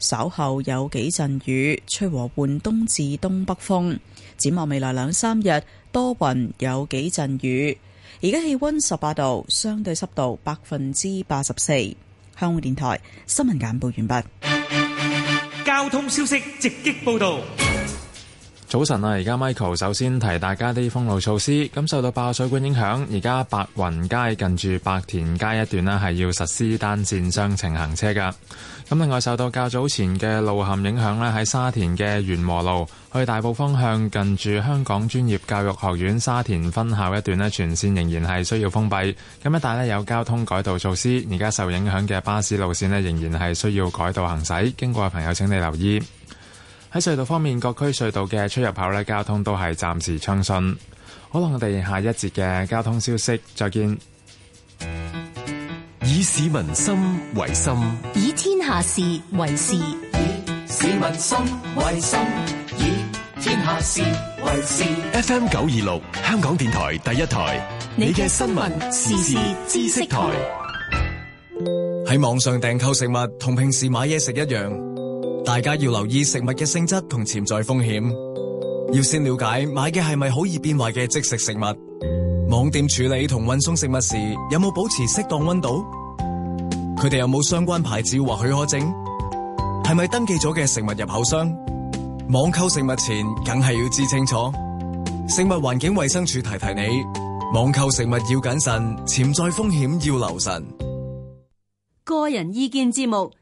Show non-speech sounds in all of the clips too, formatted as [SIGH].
稍後有幾陣雨，吹和緩東至東北風。展望未來兩三日多雲，有幾陣雨。而家氣溫十八度，相對濕度百分之八十四。香港電台新聞簡報完畢。交通消息直擊報道。早晨啊！而家 Michael 首先提大家啲封路措施。咁受到爆水管影響，而家白雲街近住白田街一段咧係要實施單線雙程行車噶咁另外受到較早前嘅路陷影響咧，喺沙田嘅元和路去大埔方向近住香港專業教育學院沙田分校一段咧，全線仍然係需要封閉，咁一帶咧有交通改道措施，而家受影響嘅巴士路綫咧仍然係需要改道行駛，經過嘅朋友請你留意。喺隧道方面，各區隧道嘅出入口咧，交通都係暫時暢順。好啦，我哋下一節嘅交通消息，再見。以市民心為心，以天下事為事。以市民心為心，以天下事為事。FM 九二六，香港電台第一台，你嘅新聞時事知識台。喺網上訂購食物，同平時買嘢食一樣。大家要留意食物嘅性質同潛在風險，要先了解買嘅係咪好易變壞嘅即食食物。網店處理同運送食物時有冇保持適當溫度？佢哋有冇相關牌照或許可證？係咪登記咗嘅食物入口商？網購食物前，梗係要知清楚。食物環境衛生署提提你，網購食物要謹慎，潛在風險要留神。個人意見節目。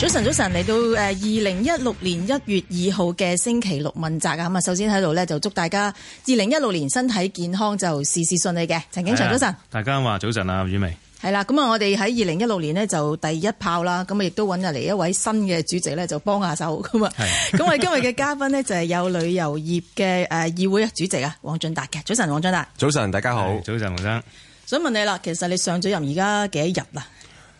早晨，早晨嚟到誒，二零一六年一月二號嘅星期六問責啊。咁啊，首先喺度呢，就祝大家二零一六年身體健康，就事事順利嘅。陳景祥，早晨。大家話早晨啊，婉薇係啦。咁啊，我哋喺二零一六年呢，就第一炮啦。咁啊，亦都搵入嚟一位新嘅主席呢，就幫下手咁啊。咁，我哋今日嘅嘉賓呢，就係有旅遊業嘅誒議會主席啊，黃進達嘅。早晨，黃進達。早晨，大家好。早晨，黃生。想問你啦，其實你上咗任而家幾多日啦？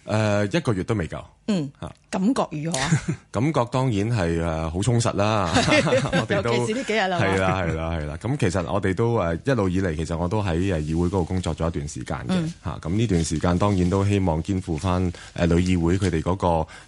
誒、呃，一個月都未夠。嗯。吓。感覺如何？ [LAUGHS] 感覺當然係誒好充實啦。 [LAUGHS] [LAUGHS] 我都尤其是呢幾日啦，係啦係啦係啦。咁、嗯、其實我哋都誒一路以嚟，其實我都喺誒議會嗰度工作咗一段時間嘅吓。咁呢、嗯、段時間當然都希望肩負翻誒旅議會佢哋嗰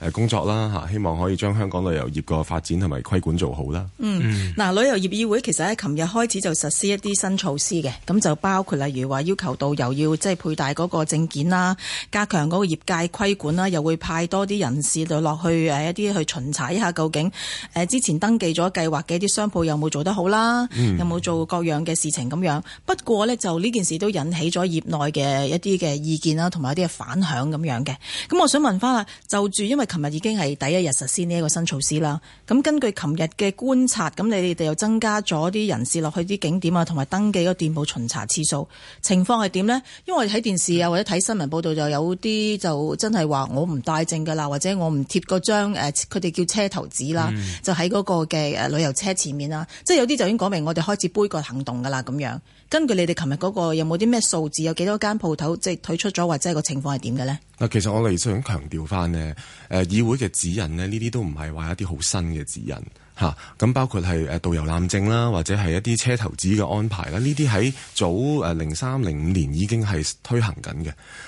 個誒工作啦吓。希望可以將香港旅遊業個發展同埋規管做好啦。嗯、嗱、嗯、旅遊業議會其實喺琴日開始就實施一啲新措施嘅，咁就包括例如話要求導遊要即係佩戴嗰個證件啦，加強嗰個業界規管啦，又會派多啲人士。就落去誒一啲去巡查一下究竟誒之前登記咗計劃嘅一啲商鋪有冇做得好啦，嗯、有冇做各樣嘅事情咁樣。嗯、不過咧，就呢件事都引起咗業內嘅一啲嘅意見啦，同埋一啲嘅反響咁樣嘅。咁我想問翻啊，就住因爲琴日已經係第一日實施呢一個新措施啦。咁根據琴日嘅觀察，咁你哋又增加咗啲人士落去啲景點啊，同埋登記個店鋪巡查次數，情況係點咧？因為睇電視啊，或者睇新聞報道就有啲就真係話我唔帶證噶啦，或者我唔貼嗰張誒，佢哋叫車頭紙啦，嗯，就喺嗰個嘅誒旅遊車前面啦，即係有啲就已經講明我哋開始杯葛行動噶啦咁樣。根據你哋琴日嗰個，有冇啲咩數字？有幾多間鋪頭即係退出咗，或者個情況係點嘅咧？嗱，其實我哋想強調翻呢誒議會嘅指引呢，呢啲都唔係話一啲好新嘅指引。嚇，咁包括係誒導遊攬證啦，或者係一啲車頭紙嘅安排啦，呢啲喺早誒零三零五年已經係推行緊嘅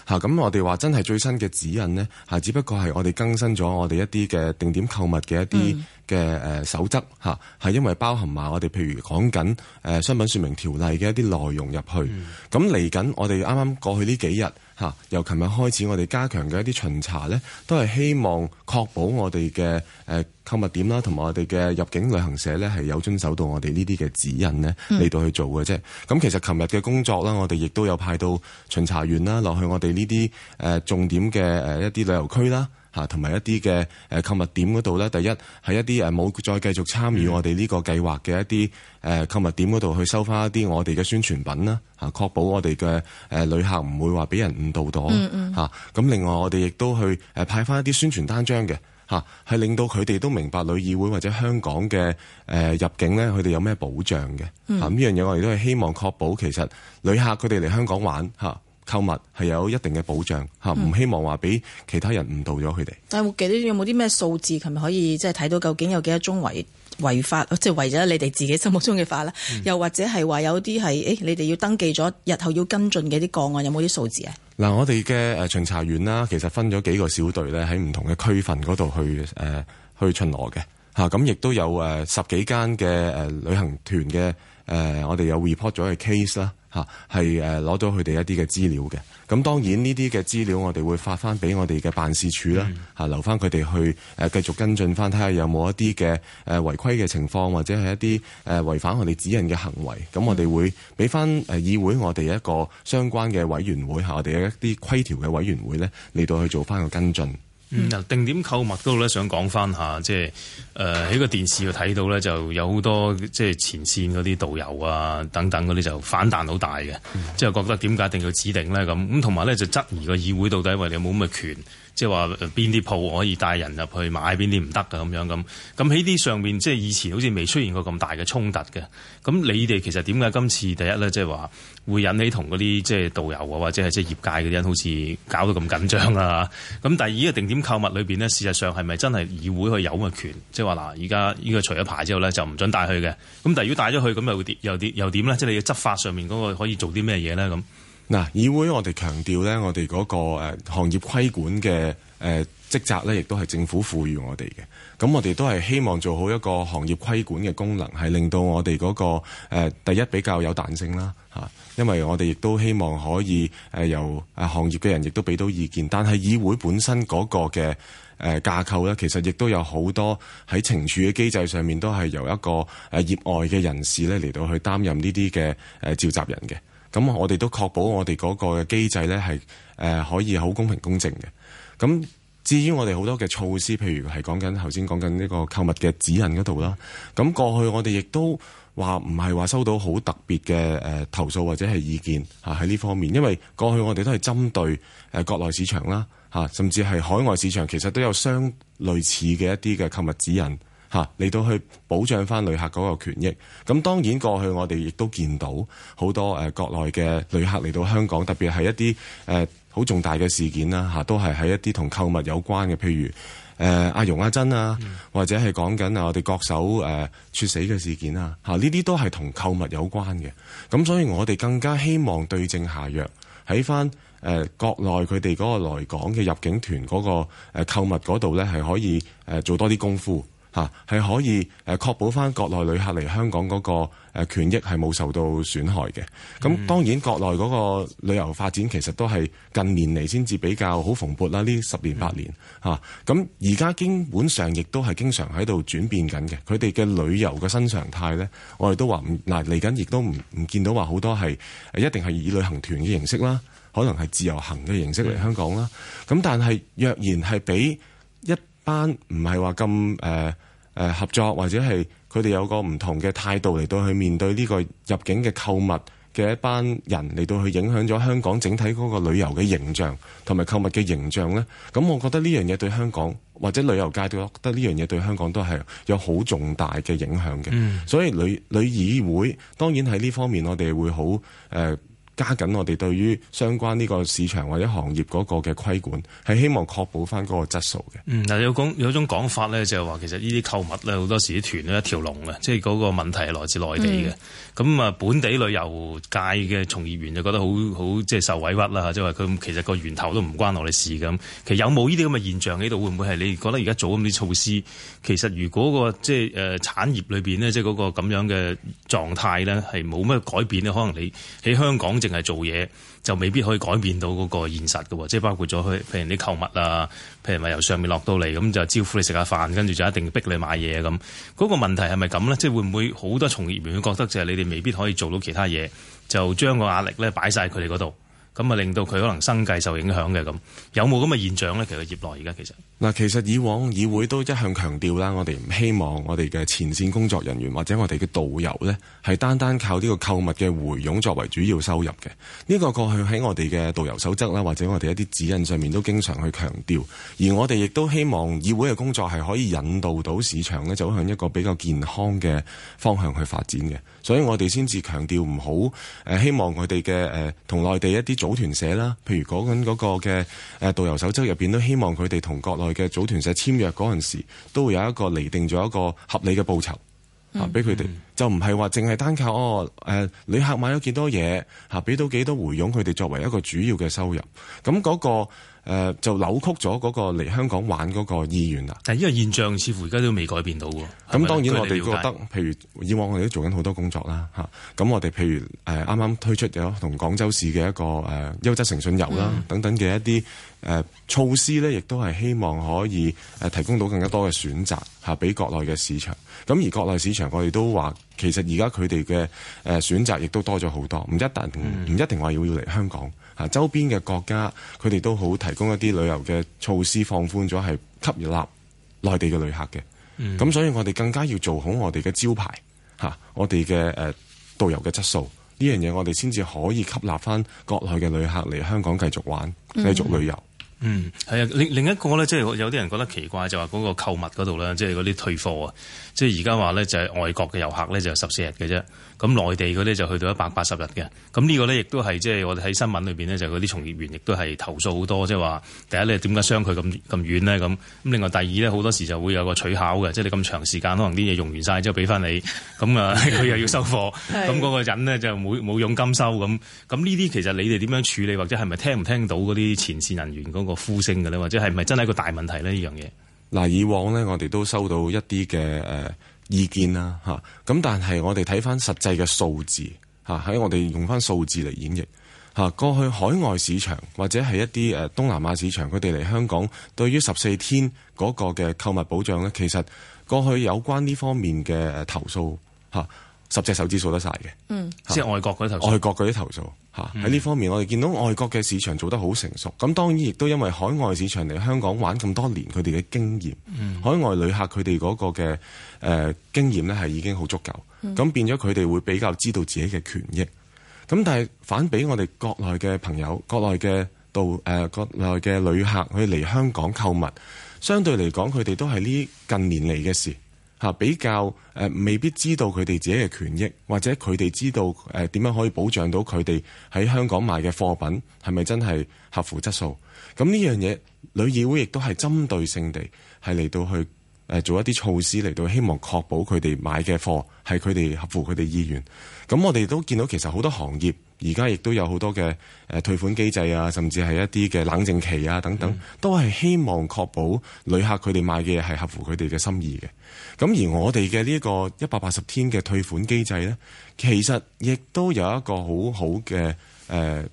嚇。咁、啊、我哋話真係最新嘅指引呢，嚇，只不過係我哋更新咗我哋一啲嘅定點購物嘅一啲嘅誒守則嚇，係、嗯、因為包含埋我哋譬如講緊誒商品説明條例嘅一啲內容入去。咁嚟緊我哋啱啱過去呢幾日。由琴日開始，我哋加強嘅一啲巡查咧，都係希望確保我哋嘅誒購物點啦，同埋我哋嘅入境旅行社咧係有遵守到我哋呢啲嘅指引呢，嚟到去做嘅啫。咁其實琴日嘅工作啦，我哋亦都有派到巡查員啦落去我哋呢啲誒重點嘅誒一啲旅遊區啦。嚇，同埋一啲嘅誒購物點嗰度咧，第一係一啲誒冇再繼續參與我哋呢個計劃嘅一啲誒購物點嗰度去收翻一啲我哋嘅宣傳品啦，嚇確保我哋嘅誒旅客唔會話俾人誤導到嚇。咁、嗯嗯、另外我哋亦都去誒派翻一啲宣傳單張嘅嚇，係令到佢哋都明白旅議會或者香港嘅誒入境咧，佢哋有咩保障嘅嚇。呢、嗯、樣嘢我哋都係希望確保其實旅客佢哋嚟香港玩嚇，購物係有一定嘅保障嚇，唔、嗯、希望話俾其他人誤導咗佢哋。但係，我記得有冇啲咩數字？係咪可以即係睇到究竟有幾多宗違違法，即係違咗你哋自己心目中嘅法啦。嗯、又或者係話有啲係誒，你哋要登記咗，日後要跟進嘅啲個案，有冇啲數字啊？嗱、嗯，我哋嘅誒巡查員啦，其實分咗幾個小隊咧，喺唔同嘅區份嗰度去誒、呃、去巡邏嘅嚇。咁、啊、亦都有誒十幾間嘅誒旅行團嘅誒、呃，我哋有 report 咗嘅 case 啦。嚇，係誒攞到佢哋一啲嘅資料嘅，咁當然呢啲嘅資料我哋會發翻俾我哋嘅辦事處啦，嚇、嗯、留翻佢哋去誒繼續跟進翻，睇下有冇一啲嘅誒違規嘅情況，或者係一啲誒違反我哋指引嘅行為，咁、嗯、我哋會俾翻誒議會我哋一個相關嘅委員會嚇，我哋一啲規條嘅委員會咧，嚟到去做翻個跟進。嗯，嗱，定點購物嗰度咧，想講翻下，即係誒喺個電視度睇到咧，就有好多即係前線嗰啲導遊啊等等嗰啲就反彈好大嘅，即係、嗯、覺得點解一定要指定咧咁，咁同埋咧就質疑個議會到底為你有冇咁嘅權。即係話邊啲鋪可以帶人入去買，邊啲唔得嘅咁樣咁。咁喺啲上面，即係以前好似未出現過咁大嘅衝突嘅。咁你哋其實點解今次第一咧，即係話會引起同嗰啲即係導遊啊，或者係即係業界嘅人，好似搞到咁緊張啊？咁第二個定點購物裏邊呢？事實上係咪真係議會去有咁嘅權？即係話嗱，而家呢個除咗牌之後咧，就唔准帶去嘅。咁但係如果帶咗去，咁又又點又點咧？即係你嘅執法上面嗰個可以做啲咩嘢咧？咁。嗱，議會我哋強調咧，我哋嗰個誒行業規管嘅誒職責咧，亦都係政府賦予我哋嘅。咁我哋都係希望做好一個行業規管嘅功能，係令到我哋嗰個誒第一比較有彈性啦嚇。因為我哋亦都希望可以誒由行業嘅人亦都俾到意見。但係議會本身嗰個嘅誒架構咧，其實亦都有好多喺懲處嘅機制上面都係由一個誒業外嘅人士咧嚟到去擔任呢啲嘅誒召集人嘅。咁我哋都確保我哋嗰個嘅機制呢係誒可以好公平公正嘅。咁至於我哋好多嘅措施，譬如係講緊頭先講緊呢個購物嘅指引嗰度啦。咁過去我哋亦都話唔係話收到好特別嘅誒投訴或者係意見嚇，喺呢方面，因為過去我哋都係針對誒國內市場啦嚇，甚至係海外市場，其實都有相類似嘅一啲嘅購物指引。嚇，嚟到去保障翻旅客嗰個權益。咁當然過去我哋亦都見到好多誒國內嘅旅客嚟到香港，特別係一啲誒好重大嘅事件啦。嚇，都係喺一啲同購物有關嘅，譬如誒阿容阿珍啊，啊啊嗯、或者係講緊我哋各手誒猝、啊、死嘅事件啊。嚇，呢啲都係同購物有關嘅。咁所以我哋更加希望對症下藥喺翻誒國內佢哋嗰個來港嘅入境團嗰個誒購物嗰度咧，係可以誒做多啲功夫。嚇，係可以誒確保返國內旅客嚟香港嗰個誒權益係冇受到損害嘅。咁、嗯、當然國內嗰個旅遊發展其實都係近年嚟先至比較好蓬勃啦，呢十年八年嚇，咁而家基本上亦都係經常喺度轉變緊嘅。佢哋嘅旅遊嘅新常態呢，我哋都話唔嗱，嚟緊，亦都唔唔見到話好多係一定係以旅行團嘅形式啦，可能係自由行嘅形式嚟香港啦。咁、嗯、但係若然係俾班唔係話咁誒誒合作，或者係佢哋有個唔同嘅態度嚟到去面對呢個入境嘅購物嘅一班人嚟到去影響咗香港整體嗰個旅遊嘅形象同埋購物嘅形象咧。咁，我覺得呢樣嘢對香港或者旅遊界，對我覺得呢樣嘢對香港都係有好重大嘅影響嘅。Mm. 所以旅旅議會當然喺呢方面我，我哋會好誒。加緊我哋對於相關呢個市場或者行業嗰個嘅規管，係希望確保翻嗰個質素嘅。嗯，嗱有講有種講法咧，就係話其實呢啲購物咧，好多時啲團咧，一條龍嘅，即係嗰個問題係來自內地嘅。咁啊、嗯，本地旅遊界嘅從業員就覺得好好即係受委屈啦，即係話佢其實個源頭都唔關我哋事咁。其實有冇呢啲咁嘅現象喺度？會唔會係你覺得而家做咁啲措施？其實如果個即係誒產業裏邊呢，即係嗰個咁樣嘅狀態咧，係冇乜改變咧，可能你喺香港直。係做嘢就未必可以改變到嗰個現實嘅，即係包括咗佢，譬如啲購物啊，譬如咪由上面落到嚟，咁就招呼你食下飯，跟住就一定逼你買嘢咁。嗰、那個問題係咪咁咧？即係會唔會好多從業員會覺得就係你哋未必可以做到其他嘢，就將個壓力咧擺晒佢哋嗰度，咁啊令到佢可能生計受影響嘅咁。有冇咁嘅現象咧？其實業內而家其實。嗱，其實以往議會都一向強調啦，我哋唔希望我哋嘅前線工作人員或者我哋嘅導遊咧，係單單靠呢個購物嘅回佣作為主要收入嘅。呢個過去喺我哋嘅導遊守則啦，或者我哋一啲指引上面都經常去強調，而我哋亦都希望議會嘅工作係可以引導到市場咧，走向一個比較健康嘅方向去發展嘅。所以我哋先至強調唔好誒希望佢哋嘅誒同內地一啲組團社啦，譬如講緊嗰個嘅誒導遊守則入邊都希望佢哋同國內。嘅組團社簽約嗰陣時，都會有一個釐定咗一個合理嘅報酬吓，俾佢哋就唔係話淨係單靠哦，誒、呃，旅客買咗幾多嘢吓，俾到幾多回佣，佢哋作為一個主要嘅收入，咁、嗯、嗰、嗰個。誒、呃、就扭曲咗嗰個嚟香港玩嗰個意願啦。但係呢個現象似乎而家都未改變到喎。咁、嗯、當然我哋覺得，譬如以往我哋都做緊好多工作啦，嚇、啊。咁我哋譬如誒啱啱推出咗同廣州市嘅一個誒、啊、優質誠信遊啦，嗯、等等嘅一啲誒、啊、措施咧，亦都係希望可以誒提供到更加多嘅選擇嚇，俾、啊、國內嘅市場。咁、啊、而國內市場我哋都話，其實而家佢哋嘅誒選擇亦都多咗好多，唔一定唔一定話要嚟香港。嗯嚇，周邊嘅國家佢哋都好提供一啲旅遊嘅措施，放寬咗係吸納內地嘅旅客嘅。咁、嗯、所以我哋更加要做好我哋嘅招牌嚇、啊，我哋嘅誒導遊嘅質素呢樣嘢，我哋先至可以吸納翻國內嘅旅客嚟香港繼續玩、嗯、繼續旅遊。嗯，係啊，另另一個咧，即係有啲人覺得奇怪，就話嗰個購物度咧，即係嗰啲退貨啊，即係而家話咧就係外國嘅遊客咧就十四日嘅啫，咁內地嗰啲就去到一百八十日嘅。咁呢個咧亦都係即係我哋喺新聞裏邊咧，就嗰啲從業員亦都係投訴好多，即係話第一咧點解相距咁咁遠咧咁，咁另外第二咧好多時就會有個取巧嘅，即係你咁長時間可能啲嘢用完晒之後俾翻你，咁啊佢又要收貨，咁嗰 [LAUGHS] 是的 個人咧就冇冇佣金收咁，咁呢啲其實你哋點樣處理或者係咪聽唔聽到嗰啲前線人員嗰個？呼聲嘅，啦，或者係唔係真係一個大問題咧？呢樣嘢嗱，以往咧我哋都收到一啲嘅誒意見啦，吓咁，但係我哋睇翻實際嘅數字吓，喺我哋用翻數字嚟演繹吓，過去海外市場或者係一啲誒東南亞市場，佢哋嚟香港對於十四天嗰個嘅購物保障咧，其實過去有關呢方面嘅投訴吓，十隻手指數得晒嘅，嗯，即係外國嗰啲投訴，外國啲投訴。嚇喺呢方面，我哋見到外國嘅市場做得好成熟。咁當然亦都因為海外市場嚟香港玩咁多年，佢哋嘅經驗，海外旅客佢哋嗰個嘅誒經驗咧，係已經好足夠。咁變咗佢哋會比較知道自己嘅權益。咁但係反比我哋國內嘅朋友，國內嘅度誒國內嘅旅客去嚟香港購物，相對嚟講，佢哋都係呢近年嚟嘅事。比較誒未必知道佢哋自己嘅權益，或者佢哋知道誒點樣可以保障到佢哋喺香港賣嘅貨品係咪真係合乎質素？咁呢樣嘢，旅議會亦都係針對性地係嚟到去。誒做一啲措施嚟到，希望確保佢哋買嘅貨，係佢哋合乎佢哋意願。咁我哋都見到其實好多行業而家亦都有好多嘅誒退款機制啊，甚至係一啲嘅冷靜期啊等等，都係希望確保旅客佢哋買嘅嘢係合乎佢哋嘅心意嘅。咁而我哋嘅呢個一百八十天嘅退款機制咧，其實亦都有一個好好嘅誒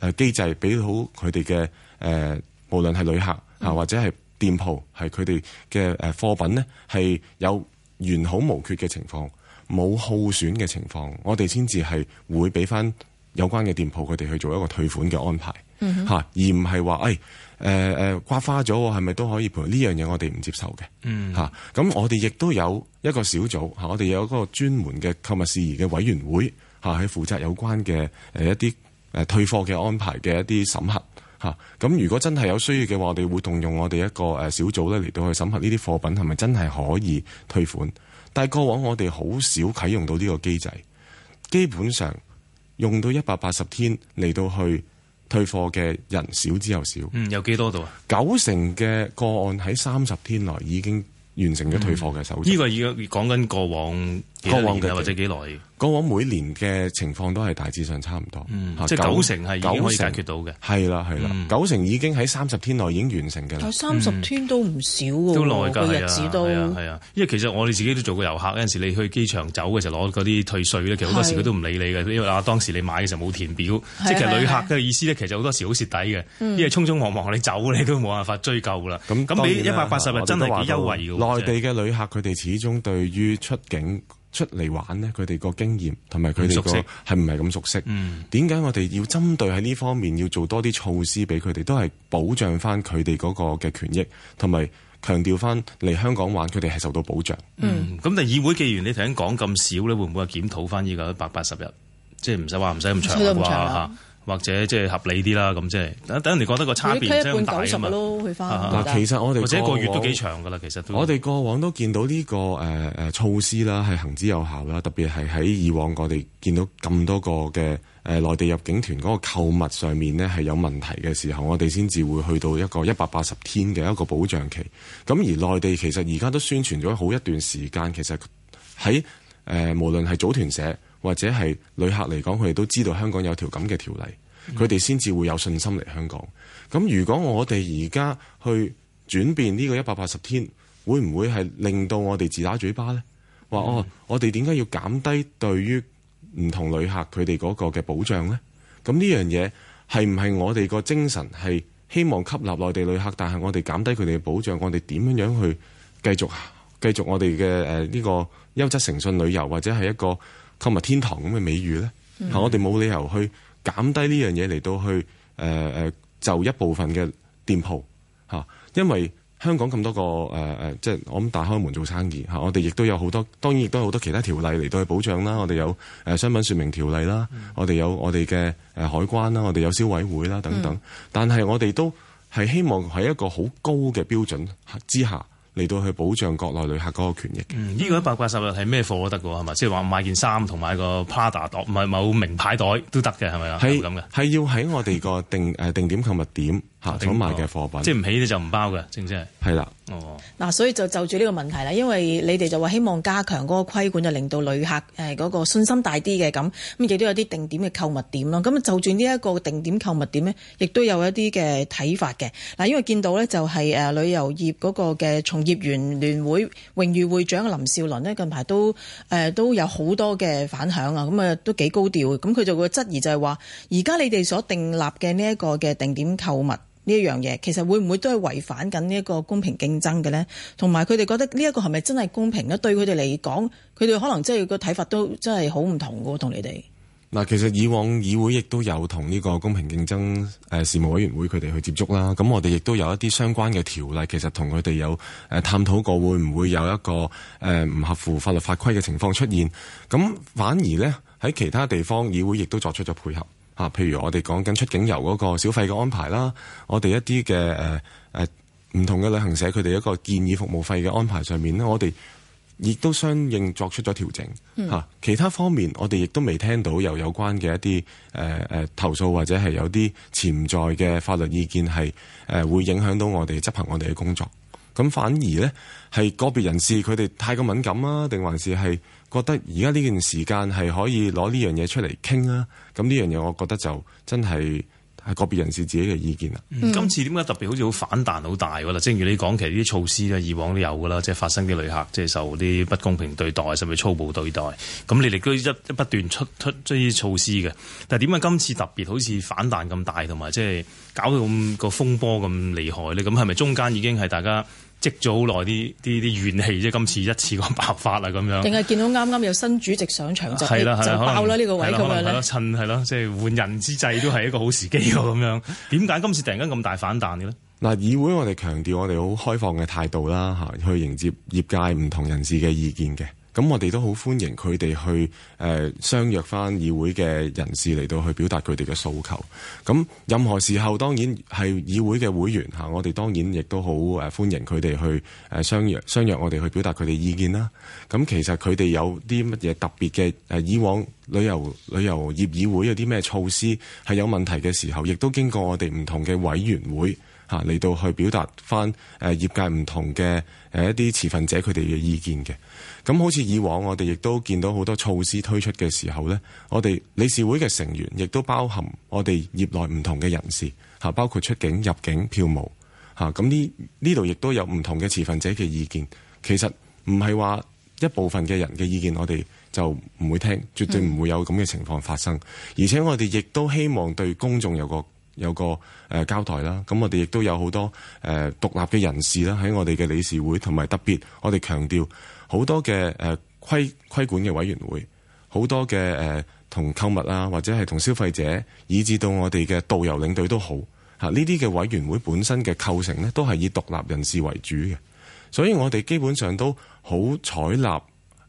誒機制，俾到佢哋嘅誒，無論係旅客啊，嗯、或者係。店鋪係佢哋嘅誒貨品呢係有完好無缺嘅情況，冇耗損嘅情況，我哋先至係會俾翻有關嘅店鋪佢哋去做一個退款嘅安排，嚇、嗯哼，而唔係話誒誒誒刮花咗，係咪都可以賠？呢樣嘢我哋唔接受嘅，嚇、嗯。咁、啊、我哋亦都有一個小組嚇、啊，我哋有一個專門嘅購物事宜嘅委員會嚇，去、啊、負責有關嘅誒一啲誒退貨嘅安排嘅一啲審核。嚇！咁如果真係有需要嘅話，我哋會動用我哋一個誒小組咧嚟到去審核呢啲貨品係咪真係可以退款？但係過往我哋好少啟用到呢個機制，基本上用到一百八十天嚟到去退貨嘅人少之又少。嗯，有幾多度啊？九成嘅個案喺三十天內已經完成咗退貨嘅手續，呢個而家講緊過往過往嘅或者幾耐？過往每年嘅情況都係大致上差唔多，即九成係已經可以解決到嘅。係啦，係啦，九成已經喺三十天內已經完成嘅。但三十天都唔少都嘅日子啊。因為其實我哋自己都做過遊客，有陣時你去機場走嘅時候攞嗰啲退稅咧，其實好多時佢都唔理你嘅，因為啊當時你買嘅時候冇填表，即其實旅客嘅意思咧，其實好多時好蝕底嘅，因為匆匆忙忙你走你都冇辦法追究啦。咁咁俾一百八十日真係幾優惠嘅。內地嘅旅客佢哋始終對於出境出嚟玩呢，佢哋個經驗同埋佢哋個係唔係咁熟悉，點解、嗯、我哋要針對喺呢方面要做多啲措施俾佢哋，都係保障翻佢哋嗰個嘅權益，同埋強調翻嚟香港玩佢哋係受到保障。嗯，咁、嗯、但係議會議員你頭先講咁少咧，會唔會檢討翻呢個一百八十日，即係唔使話唔使咁長啊？或者即係合理啲啦，咁即係等等人哋覺得個差別相對大啊嗱，其實我哋或者一個月都幾長噶啦，我其實都我哋過往都見到呢、呢個誒誒、呃、措施啦，係行之有效啦。特別係喺以往我哋見到咁多個嘅誒、呃、內地入境團嗰個購物上面呢，係有問題嘅時候，我哋先至會去到一個一百八十天嘅一個保障期。咁而內地其實而家都宣傳咗好一段時間，其實喺誒、呃、無論係組團社。或者係旅客嚟講，佢哋都知道香港有條咁嘅條例，佢哋先至會有信心嚟香港。咁如果我哋而家去轉變呢個一百八十天，會唔會係令到我哋自打嘴巴呢？話、嗯、哦，我哋點解要減低對於唔同旅客佢哋嗰個嘅保障呢？咁呢樣嘢係唔係我哋個精神係希望吸納內地旅客，但係我哋減低佢哋嘅保障，我哋點樣樣去繼續繼續我哋嘅誒呢個優質誠信旅遊，或者係一個購物天堂咁嘅美譽咧，嚇、嗯、我哋冇理由去減低呢樣嘢嚟到去誒誒、呃、就一部分嘅店鋪吓、啊，因為香港咁多個誒誒即係我諗打開門做生意吓、啊，我哋亦都有好多，當然亦都有好多其他條例嚟到去保障啦。我哋有誒商品說明條例啦、嗯，我哋有我哋嘅誒海關啦，我哋有消委會啦等等。嗯、但係我哋都係希望喺一個好高嘅標準之下。嚟到去保障國內旅客嗰個權益。嗯，呢、這個一百八十日係咩貨都得嘅係咪？即係話買件衫同買個 Prada 袋，唔係某名牌袋都得嘅係咪啊？係咁嘅，係是要喺我哋個定誒定點購物點。吓，攞埋嘅貨品，即係唔起你就唔包嘅，正唔正？係啦的。哦，嗱、啊，所以就就住呢個問題啦，因為你哋就話希望加強嗰個規管，就令到旅客誒嗰、呃嗰個信心大啲嘅咁，咁亦都有啲定點嘅購物點咯。咁就住呢一個定點購物點咧，亦都有一啲嘅睇法嘅。嗱，因為見到咧就係誒旅遊業嗰個嘅從業員聯會榮譽會長林少麟呢近排都誒、呃、都有好多嘅反響啊，咁啊都幾高調嘅。咁佢就會質疑就係話，而家你哋所訂立嘅呢一個嘅定點購物。呢一樣嘢，其實會唔會都係違反緊呢一個公平競爭嘅呢？同埋佢哋覺得呢一個係咪真係公平呢？對佢哋嚟講，佢哋可能即係個睇法都真係好唔同嘅喎，同你哋。嗱，其實以往議會亦都有同呢個公平競爭誒事務委員會佢哋去接觸啦。咁我哋亦都有一啲相關嘅條例，其實同佢哋有誒探討過，會唔會有一個誒唔合乎法律法規嘅情況出現？咁反而呢，喺其他地方議會亦都作出咗配合。啊，譬如我哋講緊出境遊嗰個小費嘅安排啦，我哋一啲嘅誒誒唔同嘅旅行社，佢哋一個建議服務費嘅安排上面咧，我哋亦都相應作出咗調整。吓、啊，其他方面我哋亦都未聽到有有關嘅一啲誒誒投訴或者係有啲潛在嘅法律意見係誒、呃、會影響到我哋執行我哋嘅工作。咁反而呢，係個別人士佢哋太過敏感啊，定還是係？覺得而家呢段時間係可以攞呢樣嘢出嚟傾啦，咁呢樣嘢我覺得就真係係個別人士自己嘅意見啦。嗯、今次點解特別好似好反彈好大㗎啦？正如你講，其實啲措施咧以往都有㗎啦，即係發生啲旅客即係受啲不公平對待，甚至粗暴對待，咁你哋都一一不斷出出出啲措施嘅。但係點解今次特別好似反彈咁大，同埋即係搞到咁、個風波咁厲害咧？咁係咪中間已經係大家？積咗好耐啲啲啲怨氣，即係今次一次過爆發啦咁樣。定係見到啱啱有新主席上場的就的就爆啦呢能個位咁樣咧。趁係咯，即係的換人之際 [LAUGHS] 都係一個好時機喎咁樣。點解今次突然間咁大反彈嘅咧？嗱， [LAUGHS] 議會我哋強調我哋好開放嘅態度啦嚇，去迎接業界唔同人士嘅意見嘅。咁，我哋都好歡迎佢哋去誒相約返議會嘅人士嚟到去表達佢哋嘅訴求。咁任何時候，當然係議會嘅會員嚇、啊，我哋當然亦都好誒歡迎佢哋去誒相約相約我哋去表達佢哋意見啦。咁、啊、其實佢哋有啲乜嘢特別嘅誒？以往旅遊旅遊業議會有啲咩措施係有問題嘅時候，亦都經過我哋唔同嘅委員會嚇嚟、啊、到去表達返誒業界唔同嘅誒、啊、一啲持份者佢哋嘅意見嘅。咁好似以往，我哋亦都見到好多措施推出嘅時候呢，我哋理事會嘅成員亦都包含我哋業內唔同嘅人士嚇，包括出境入境票務嚇。咁呢呢度亦都有唔同嘅持份者嘅意見。其實唔係話一部分嘅人嘅意見，我哋就唔會聽，絕對唔會有咁嘅情況發生。嗯、而且我哋亦都希望對公眾有個有個誒、呃、交代啦。咁、啊、我哋亦都有好多誒、呃、獨立嘅人士啦，喺我哋嘅理事會同埋特別，我哋強調。好多嘅誒規規管嘅委員會，好多嘅誒同購物啊，或者係同消費者，以至到我哋嘅導遊領隊都好嚇，呢啲嘅委員會本身嘅構成咧，都係以獨立人士為主嘅，所以我哋基本上都好採納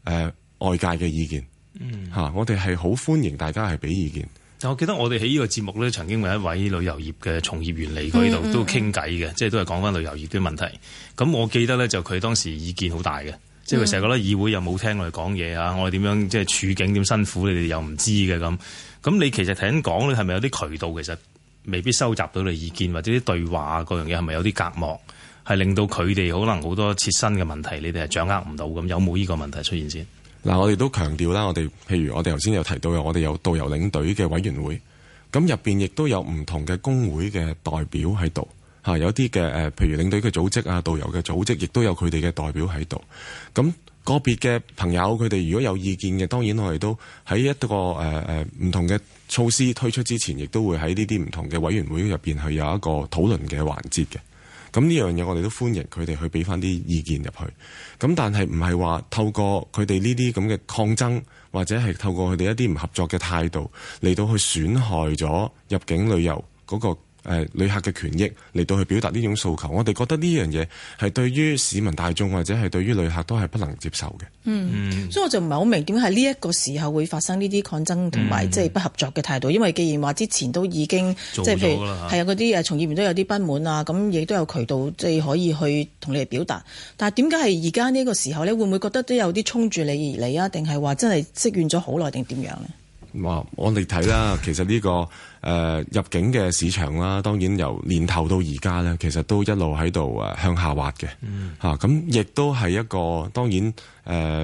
誒外界嘅意見，嚇、嗯、我哋係好歡迎大家係俾意見。嗯、但我記得我哋喺呢個節目咧，曾經有一位旅遊業嘅從業員嚟過呢度，嗯、都傾偈嘅，即係都係講翻旅遊業啲問題。咁我記得咧，就佢當時意見好大嘅。即係佢成日覺得議會又冇聽我哋講嘢啊，我哋點樣即係處境點辛苦，你哋又唔知嘅咁。咁你其實聽講，你係咪有啲渠道其實未必收集到你意見，或者啲對話各樣嘢係咪有啲隔膜，係令到佢哋可能好多切身嘅問題，你哋係掌握唔到咁？有冇呢個問題出現先？嗱，我哋都強調啦，我哋譬如我哋頭先有提到嘅，我哋有導遊領隊嘅委員會，咁入邊亦都有唔同嘅工會嘅代表喺度。嚇有啲嘅誒，譬如領隊嘅組織啊、導遊嘅組織，亦都有佢哋嘅代表喺度。咁個別嘅朋友，佢哋如果有意見嘅，當然我哋都喺一個誒誒唔同嘅措施推出之前，亦都會喺呢啲唔同嘅委員會入邊去有一個討論嘅環節嘅。咁呢樣嘢我哋都歡迎佢哋去俾翻啲意見入去。咁但係唔係話透過佢哋呢啲咁嘅抗爭，或者係透過佢哋一啲唔合作嘅態度嚟到去損害咗入境旅遊嗰個，誒旅客嘅權益嚟到去表達呢種訴求，我哋覺得呢樣嘢係對於市民大眾或者係對於旅客都係不能接受嘅。嗯，嗯，所以我就唔係好明點解喺呢一個時候會發生呢啲抗爭同埋即係不合作嘅態度，嗯、因為既然話之前都已經即係做了 譬如係啊嗰啲誒從業員都有啲不滿啊，咁亦都有渠道即係可以去同你哋表達，但係點解係而家呢個時候咧，會唔會覺得都有啲衝住你而嚟啊？定係話真係積怨咗好耐定點樣咧？哇！我哋睇啦，其實呢、呢個誒、呃、入境嘅市場啦，當然由年頭到而家咧，其實都一路喺度誒向下滑嘅。嚇、mm. 啊，咁亦都係一個當然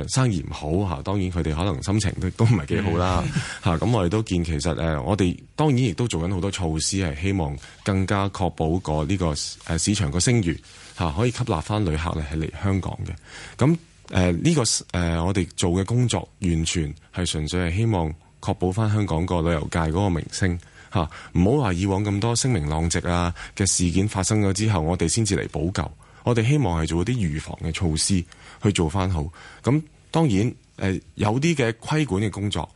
誒生意唔好嚇，當然佢哋、呃啊、可能心情都都唔係幾好啦。嚇、mm. 啊，咁我哋都見其實誒、呃，我哋當然亦都做緊好多措施，係希望更加確保個呢個誒市場個聲譽嚇、啊，可以吸納翻旅客咧係嚟香港嘅。咁誒呢個誒、呃、我哋做嘅工作完全係純粹係希望。確保翻香港個旅遊界嗰個名聲，唔好話以往咁多聲名狼藉啊嘅事件發生咗之後，我哋先至嚟補救。我哋希望係做啲預防嘅措施，去做翻好。咁當然誒、呃，有啲嘅規管嘅工作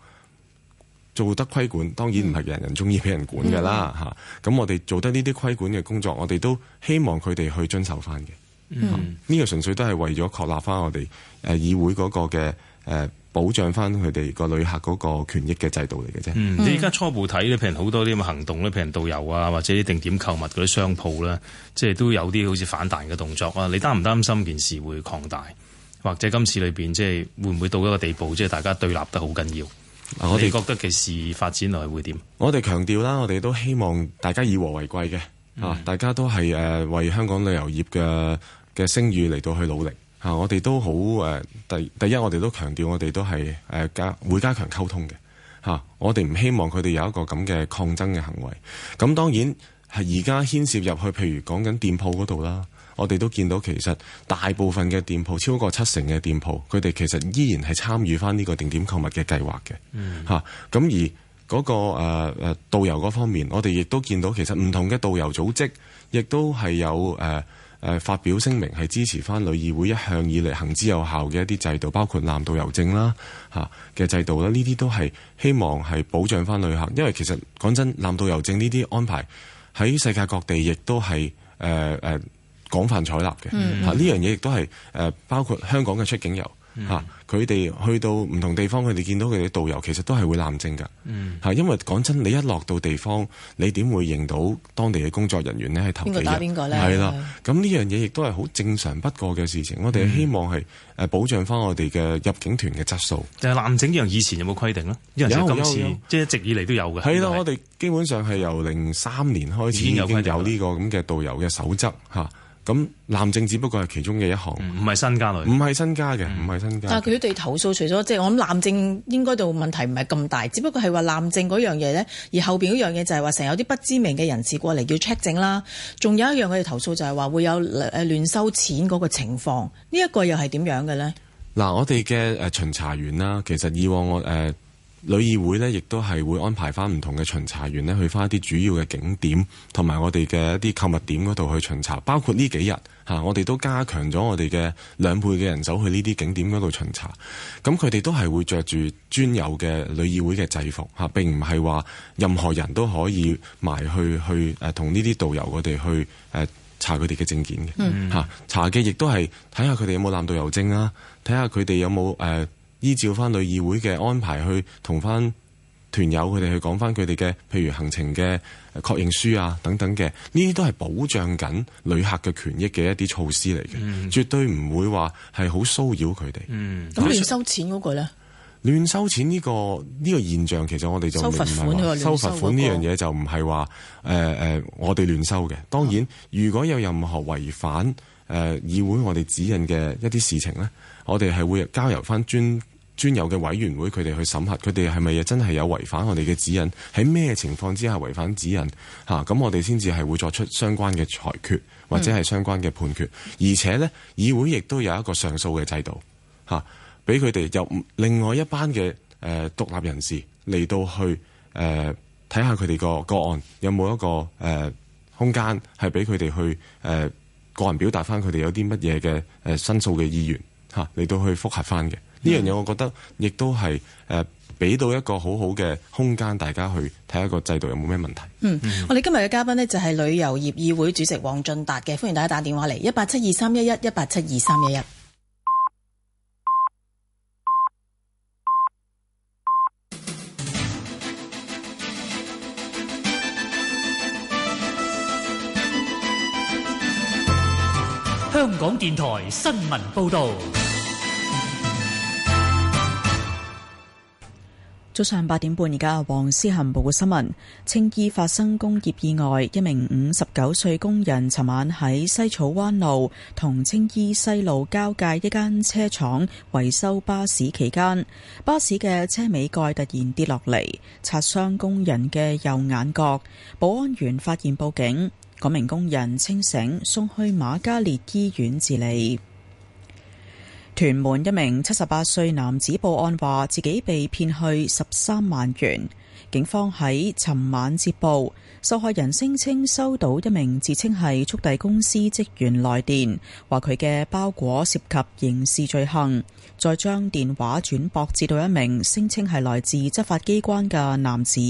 做得規管，當然唔係人人中意俾人管嘅啦嚇。咁、mm. 啊、我哋做得呢啲規管嘅工作，我哋都希望佢哋去遵守翻嘅。嗯、啊，呢、呢個純粹都係為咗確立翻我哋誒議會嗰個嘅。誒保障翻佢哋個旅客嗰個權益嘅制度嚟嘅啫。嗯、你而家初步睇咧，譬如好多啲咁行動咧，譬如導遊啊，或者啲定點購物嗰啲商鋪啦，即係都有啲好似反彈嘅動作啊。你擔唔擔心件事會擴大，或者今次裏邊即係會唔會到一個地步，即係大家對立得好緊要？啊、我哋覺得件事發展落去會點？我哋強調啦，我哋都希望大家以和為貴嘅啊，嗯、大家都係誒為香港旅遊業嘅嘅聲譽嚟到去努力。啊！我哋都好誒，第、呃、第一，我哋都強調我都，我哋都係誒加會加強溝通嘅嚇、啊。我哋唔希望佢哋有一個咁嘅抗爭嘅行為。咁、啊、當然係而家牽涉入去，譬如講緊店鋪嗰度啦，我哋都見到其實大部分嘅店鋪超過七成嘅店鋪，佢哋其實依然係參與翻呢個定點購物嘅計劃嘅嚇。咁、啊、而嗰、那個誒誒、呃、導遊嗰方面，我哋亦都見到其實唔同嘅導遊組織亦都係有誒。呃誒發表聲明係支持翻旅議會一向以嚟行之有效嘅一啲制度，包括南道郵政啦嚇嘅制度啦，呢啲都係希望係保障翻旅客，因為其實講真，南道郵政呢啲安排喺世界各地亦都係誒誒廣泛採納嘅嚇，呢、嗯啊、樣嘢亦都係誒包括香港嘅出境遊。嚇！佢哋、嗯、去到唔同地方，佢哋見到佢哋導遊，其實都係會濫政嘅。嚇、嗯！因為講真，你一落到地方，你點會認到當地嘅工作人員咧係邊個打邊個？係啦，咁呢樣嘢亦都係好正常不過嘅事情。我哋希望係誒保障翻我哋嘅入境團嘅質素。嗯、就係濫政呢樣，以前有冇規定咧？有，有，有？即係一直以嚟都有嘅。係啦，我哋基本上係由零三年開始已經有呢個咁嘅導遊嘅守則嚇。嗯咁濫證只不過係其中嘅一項，唔係身家來，唔係身家嘅，唔係身家。但係佢哋投訴，除咗即係我諗濫證應該度問題唔係咁大，只不過係話濫證嗰樣嘢咧，而後邊嗰樣嘢就係話成日有啲不知名嘅人士過嚟要 check 證啦，仲有一樣佢哋投訴就係話會有誒亂收錢嗰個情況，這個、呢一個又係點樣嘅咧？嗱，我哋嘅誒巡查員啦，其實以往我誒。呃旅議會呢亦都係會安排翻唔同嘅巡查員咧，去翻一啲主要嘅景點，同埋我哋嘅一啲購物點嗰度去巡查。包括呢幾日嚇，我哋都加強咗我哋嘅兩倍嘅人走去呢啲景點嗰度巡查。咁佢哋都係會着住專有嘅旅議會嘅制服嚇，並唔係話任何人都可以埋去去誒同呢啲導遊我哋去誒查佢哋嘅證件嘅嚇。嗯、查嘅亦都係睇下佢哋有冇濫導遊證啊，睇下佢哋有冇誒。呃依照翻旅議會嘅安排去同翻團友佢哋去講翻佢哋嘅，譬如行程嘅確認書啊等等嘅，呢啲都係保障緊旅客嘅權益嘅一啲措施嚟嘅，嗯、絕對唔會話係好騷擾佢哋。嗯，咁亂收錢嗰句咧，亂收錢呢、呢個呢、呢個現象，其實我哋就收罰款。收，那個、收罰款呢樣嘢就唔係話誒誒，我哋亂收嘅。當然，如果有任何違反誒、呃、議會我哋指引嘅一啲事情咧，啊、我哋係會交由翻專專有嘅委員會，佢哋去審核，佢哋係咪真係有違反我哋嘅指引？喺咩情況之下違反指引？嚇、啊、咁，我哋先至係會作出相關嘅裁決，或者係相關嘅判決。嗯、而且呢，議會亦都有一個上訴嘅制度嚇，俾佢哋由另外一班嘅誒、呃、獨立人士嚟到去誒睇下佢哋個個案有冇一個誒、呃、空間係俾佢哋去誒、呃、個人表達翻佢哋有啲乜嘢嘅申訴嘅意願嚇嚟到去複核翻嘅。呢樣嘢，我覺得亦都係誒俾到一個好好嘅空間，大家去睇一個制度有冇咩問題。嗯，我哋今日嘅嘉賓呢，就係旅遊業議會主席黃進達嘅，歡迎大家打電話嚟，一八七二三一一一八七二三一一。香港電台新聞報導。早上八點半，而家黃思恒報嘅新聞：青衣發生工業意外，一名五十九歲工人尋晚喺西草灣路同青衣西路交界一間車廠維修巴士期間，巴士嘅車尾蓋突然跌落嚟，擦傷工人嘅右眼角。保安員發現報警，嗰名工人清醒，送去瑪嘉烈醫院治理。屯門一名七十八歲男子報案話，自己被騙去十三萬元。警方喺尋晚接報，受害人聲稱收到一名自稱係速遞公司職員來電，話佢嘅包裹涉及刑事罪行，再將電話轉駁至到一名聲稱係來自執法機關嘅男子。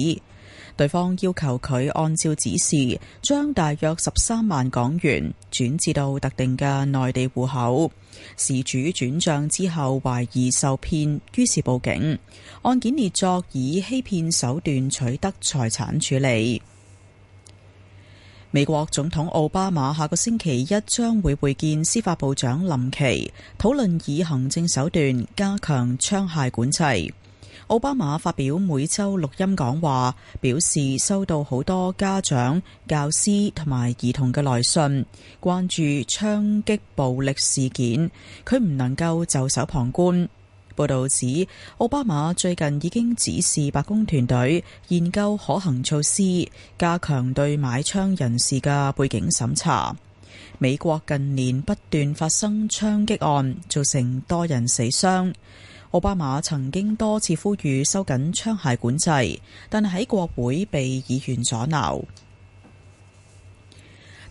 對方要求佢按照指示，將大約十三萬港元轉至到特定嘅內地戶口。事主轉賬之後懷疑受騙，於是報警。案件列作以欺騙手段取得財產處理。美國總統奧巴馬下個星期一將會會見司法部長林奇，討論以行政手段加強槍械管制。奧巴馬發表每周錄音講話，表示收到好多家長、教師同埋兒童嘅來信，關注槍擊暴力事件。佢唔能夠袖手旁觀。報道指，奧巴馬最近已經指示白宮團隊研究可行措施，加強對買槍人士嘅背景審查。美國近年不斷發生槍擊案，造成多人死傷。奧巴馬曾經多次呼籲收緊槍械管制，但喺國會被議員阻撓。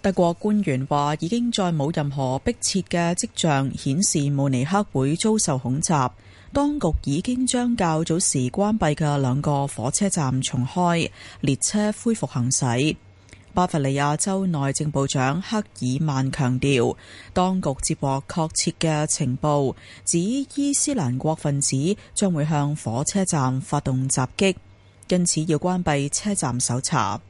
德國官員話，已經再冇任何迫切嘅跡象顯示慕尼黑會遭受恐襲。當局已經將較早時關閉嘅兩個火車站重開，列車恢復行駛。巴伐利亞州內政部長克爾曼強調，當局接獲確切嘅情報，指伊斯蘭國分子將會向火車站發動襲擊，因此要關閉車站搜查。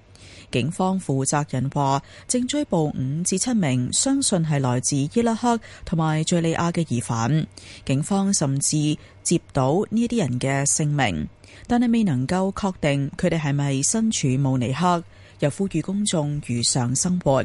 警方負責人話，正追捕五至七名相信係來自伊拉克同埋敘利亞嘅疑犯，警方甚至接到呢啲人嘅姓名，但係未能夠確定佢哋係咪身處慕尼黑。又呼籲公眾如常生活。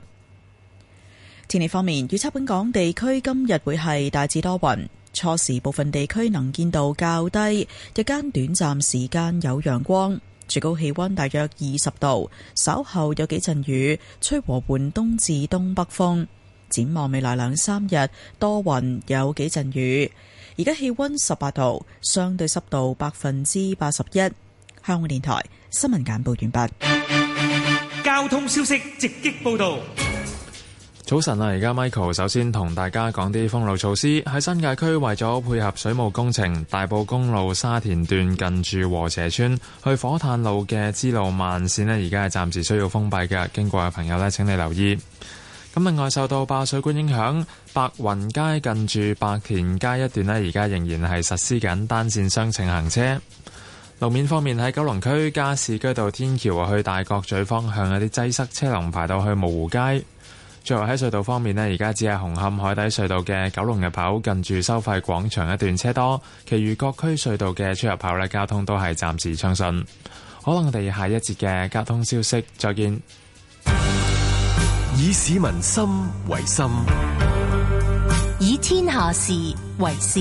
天氣方面，預測本港地區今日會係大致多雲，初時部分地區能見度較低，日間短暫時間有陽光，最高氣溫大約二十度，稍後有幾陣雨，吹和緩東至東北風。展望未來兩三日多雲，有幾陣雨。而家氣溫十八度，相對濕度百分之八十一。香港電台新聞簡報完畢。交通消息直擊報道。早晨啊，而家 Michael 首先同大家講啲封路措施喺新界區，為咗配合水務工程，大埔公路沙田段近住禾輋村，去火炭路嘅支路慢線呢，而家係暫時需要封閉嘅。經過嘅朋友呢，請你留意。咁另外，受到爆水管影響，白雲街近住白田街一段呢，而家仍然係實施緊單線雙程行車。路面方面，喺九龍區加士居道天橋去大角咀方向有啲擠塞車，車龍排到去蕪湖街。最後喺隧道方面咧，而家只係紅磡海底隧道嘅九龍入口近住收費廣場一段車多，其餘各區隧道嘅出入口咧，交通都係暫時暢順。可能我哋下一節嘅交通消息再見。以市民心為心，以天下事為事。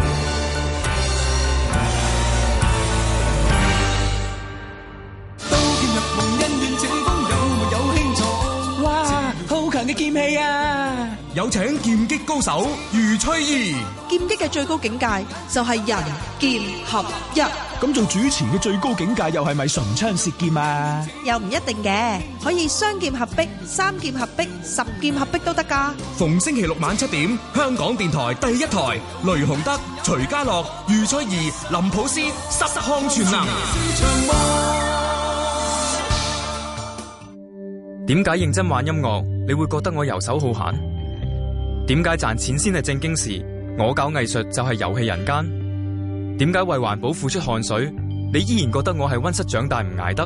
有請劍擊高手余翠怡。劍擊嘅最高境界就係人劍合一。咁做主持嘅最高境界又係咪唇槍舌劍啊？又唔一定嘅，可以雙劍合璧、三劍合璧、十劍合璧都得噶。逢星期六晚七點，香港電台第一台，雷洪德、徐家樂、余翠怡、林普斯、沙沙康全能。點解認真玩音樂你會覺得我遊手好閒？點解賺錢先係正經事？我搞藝術就係遊戲人間。點解為環保付出汗水，你依然覺得我係溫室長大唔捱得？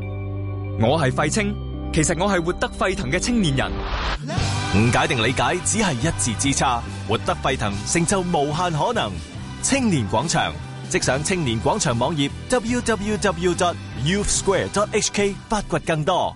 我係廢青，其實我係活得沸騰嘅青年人。誤解定理解，只係一字之差。活得沸騰，成就無限可能。青年廣場，即上青年廣場網頁 www.youthsquare.hk，發掘更多。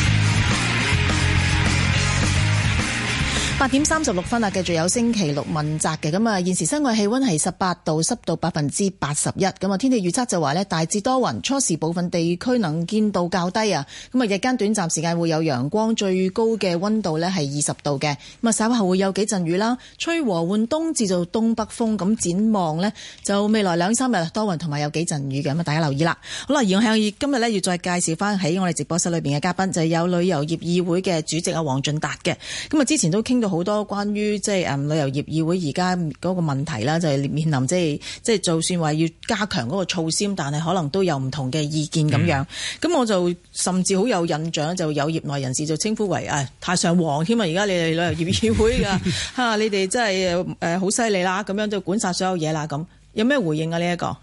八點三十六分啊，繼續有星期六問責嘅，咁啊，現時室外氣溫係十八度，濕度百分之八十一，咁啊，天氣預測就話呢，大致多雲，初時部分地區能見度較低啊，咁啊，日間短暫時間會有陽光，最高嘅溫度呢係二十度嘅，咁啊，稍後會有幾陣雨啦，吹和緩東，至到東北風，咁展望呢，就未來兩三日多雲同埋有幾陣雨嘅，咁啊，大家留意啦。好啦，而我向今日呢，要再介紹翻喺我哋直播室裏邊嘅嘉賓，就係、是、有旅遊業議會嘅主席阿黃進達嘅，咁啊，之前都傾到。好多關於即係誒旅遊業議會而家嗰個問題啦，就係面臨即係即係就算話要加強嗰個措施，但係可能都有唔同嘅意見咁樣。咁我就甚至好有印象，就有業內人士就稱呼為誒太上皇添啊！而家你哋旅遊業議會㗎嚇，你哋真係誒好犀利啦，咁樣就管晒所有嘢啦咁。有咩回應啊？呢一個？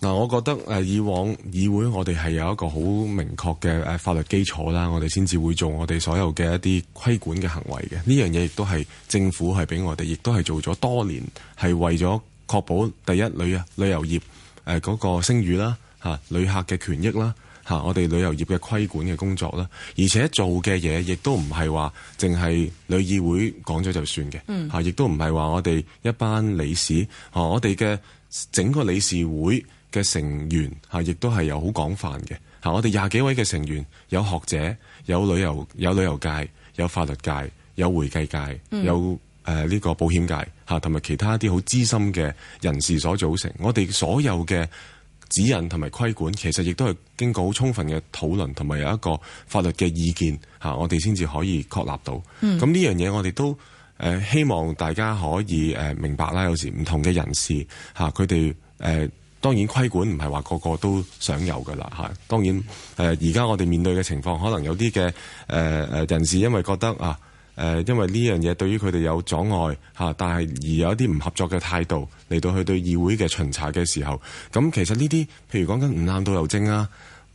嗱，我覺得誒以往議會，我哋係有一個好明確嘅誒法律基礎啦，我哋先至會做我哋所有嘅一啲規管嘅行為嘅。呢樣嘢亦都係政府係俾我哋，亦都係做咗多年，係為咗確保第一旅啊旅遊業誒嗰個聲譽啦，吓旅客嘅權益啦，吓我哋旅遊業嘅規管嘅工作啦，而且做嘅嘢亦都唔係話淨係旅議會講咗就算嘅，嗯吓，亦都唔係話我哋一班理事，吓我哋嘅整個理事會。嘅成員嚇、啊，亦都係有好廣泛嘅嚇、啊。我哋廿幾位嘅成員，有學者，有旅遊有旅遊界，有法律界，有會計界，嗯、有誒呢、呃這個保險界嚇，同、啊、埋其他一啲好資深嘅人士所組成。我哋所有嘅指引同埋規管，其實亦都係經過好充分嘅討論，同埋有一個法律嘅意見嚇、啊，我哋先至可以確立到。咁呢、嗯、樣嘢，我哋都誒希望大家可以誒、呃、明白啦。有時唔同嘅人士嚇，佢哋誒。當然規管唔係話個個都想有嘅啦嚇。當然誒，而、呃、家我哋面對嘅情況，可能有啲嘅誒誒人士，因為覺得啊誒、呃，因為呢樣嘢對於佢哋有阻礙嚇、啊，但係而有一啲唔合作嘅態度嚟到去對議會嘅巡查嘅時候，咁、嗯、其實呢啲，譬如講緊唔攬導遊證啊，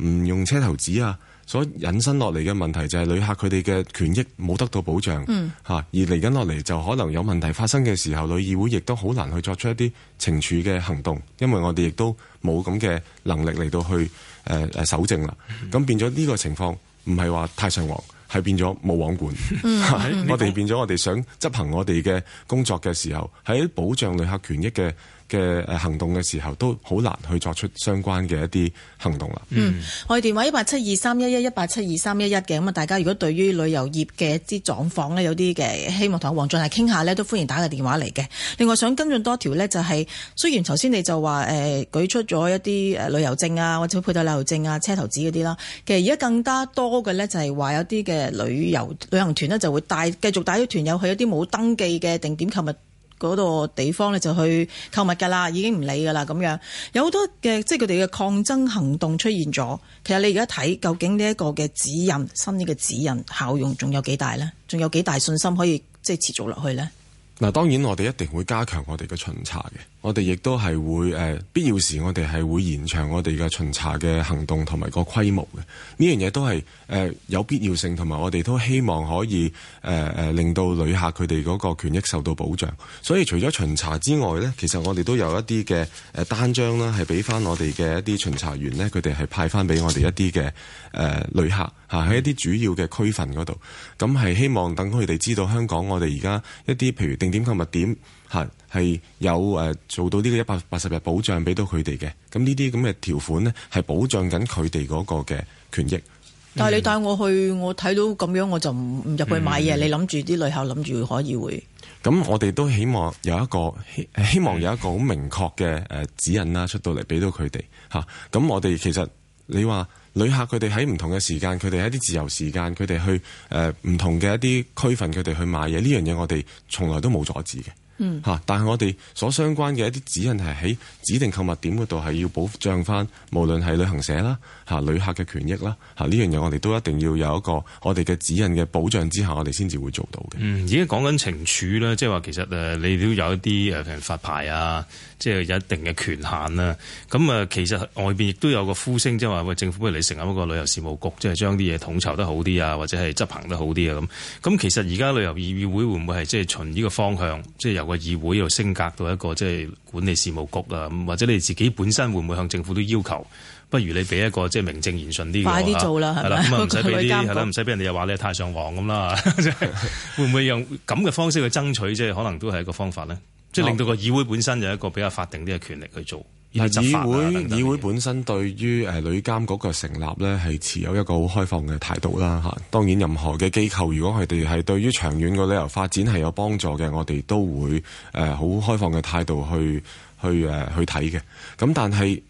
唔用車頭紙啊。所引申落嚟嘅問題就係、是、旅客佢哋嘅權益冇得到保障嚇，嗯、而嚟緊落嚟就可能有問題發生嘅時候，旅議會亦都好難去作出一啲懲處嘅行動，因為我哋亦都冇咁嘅能力嚟到去誒誒、呃、搜證啦。咁、嗯、變咗呢個情況，唔係話太上皇，係變咗冇網管。嗯、 [LAUGHS] 我哋變咗我哋想執行我哋嘅工作嘅時候，喺保障旅客權益嘅。嘅行動嘅時候都好難去作出相關嘅一啲行動啦。嗯，我哋電話一八七二三一一一八七二三一一嘅，咁啊，大家如果對於旅遊業嘅一啲狀況呢，有啲嘅，希望同阿黃進達傾下呢，都歡迎打個電話嚟嘅。另外想跟進多條呢、就是，就係雖然頭先你就話誒舉出咗一啲誒旅遊證啊，或者配套旅遊證啊、車頭紙嗰啲啦，其實而家更加多嘅呢，就係話有啲嘅旅遊旅行團呢，就會帶繼續帶啲團友去一啲冇登記嘅定點購物。嗰度地方咧就去購物㗎喇，已經唔理㗎喇咁樣，有好多嘅即係佢哋嘅抗爭行動出現咗。其實你而家睇究竟呢一個嘅指引，新呢個指引效用仲有幾大呢？仲有幾大信心可以即係持續落去呢？嗱，當然我哋一定會加強我哋嘅巡查嘅。我哋亦都係會誒、呃，必要時我哋係會延長我哋嘅巡查嘅行動同埋個規模嘅，呢樣嘢都係誒、呃、有必要性，同埋我哋都希望可以誒誒、呃、令到旅客佢哋嗰個權益受到保障。所以除咗巡查之外呢，其實我哋都有一啲嘅誒單張啦，係俾翻我哋嘅一啲巡查員呢，佢哋係派翻俾我哋一啲嘅誒旅客嚇喺一啲主要嘅區份嗰度，咁係希望等佢哋知道香港我哋而家一啲譬如定點購物點。係有誒，做到呢個一百八十日保障，俾到佢哋嘅。咁呢啲咁嘅條款呢，係保障緊佢哋嗰個嘅權益。嗯、但係你帶我去，我睇到咁樣，我就唔唔入去買嘢。嗯、你諗住啲旅客諗住可以會咁，我哋都希望有一個希希望有一個好明確嘅誒指引啦，出到嚟俾到佢哋吓。咁我哋其實你話旅客佢哋喺唔同嘅時間，佢哋喺啲自由時間，佢哋去誒唔同嘅一啲區份，佢哋去買嘢呢樣嘢，我哋從來都冇阻止嘅。嗯，嚇！但係我哋所相關嘅一啲指引係喺指定購物點嗰度係要保障翻，無論係旅行社啦，嚇旅客嘅權益啦，嚇呢樣嘢我哋都一定要有一個我哋嘅指引嘅保障之下，我哋先至會做到嘅。嗯，而家講緊懲處啦，即係話其實誒，你都有一啲誒譬如發牌啊。即係有一定嘅權限啦，咁啊，其實外邊亦都有個呼聲，即係話喂，政府不如你成立一個旅遊事務局，即係將啲嘢統籌得好啲啊，或者係執行得好啲啊咁。咁其實而家旅遊議會會唔會係即係循呢個方向，即係由個議會又升格到一個即係管理事務局啊？或者你自己本身會唔會向政府都要求，不如你俾一個即係名正言順啲，快啲做啦，係咪吧？唔使俾啲係啦，唔使俾人哋話你太上皇咁啦， [LAUGHS] 會唔會用咁嘅方式去爭取？即係可能都係一個方法咧。即令到個議會本身有一個比較法定啲嘅權力去做，議會等等等等議會議會本身對於誒旅監局嘅成立咧，係持有一個好開放嘅態度啦吓、啊。當然任何嘅機構，如果佢哋係對於長遠嘅旅遊發展係有幫助嘅，我哋都會誒好、啊、開放嘅態度去去誒、啊、去睇嘅。咁但係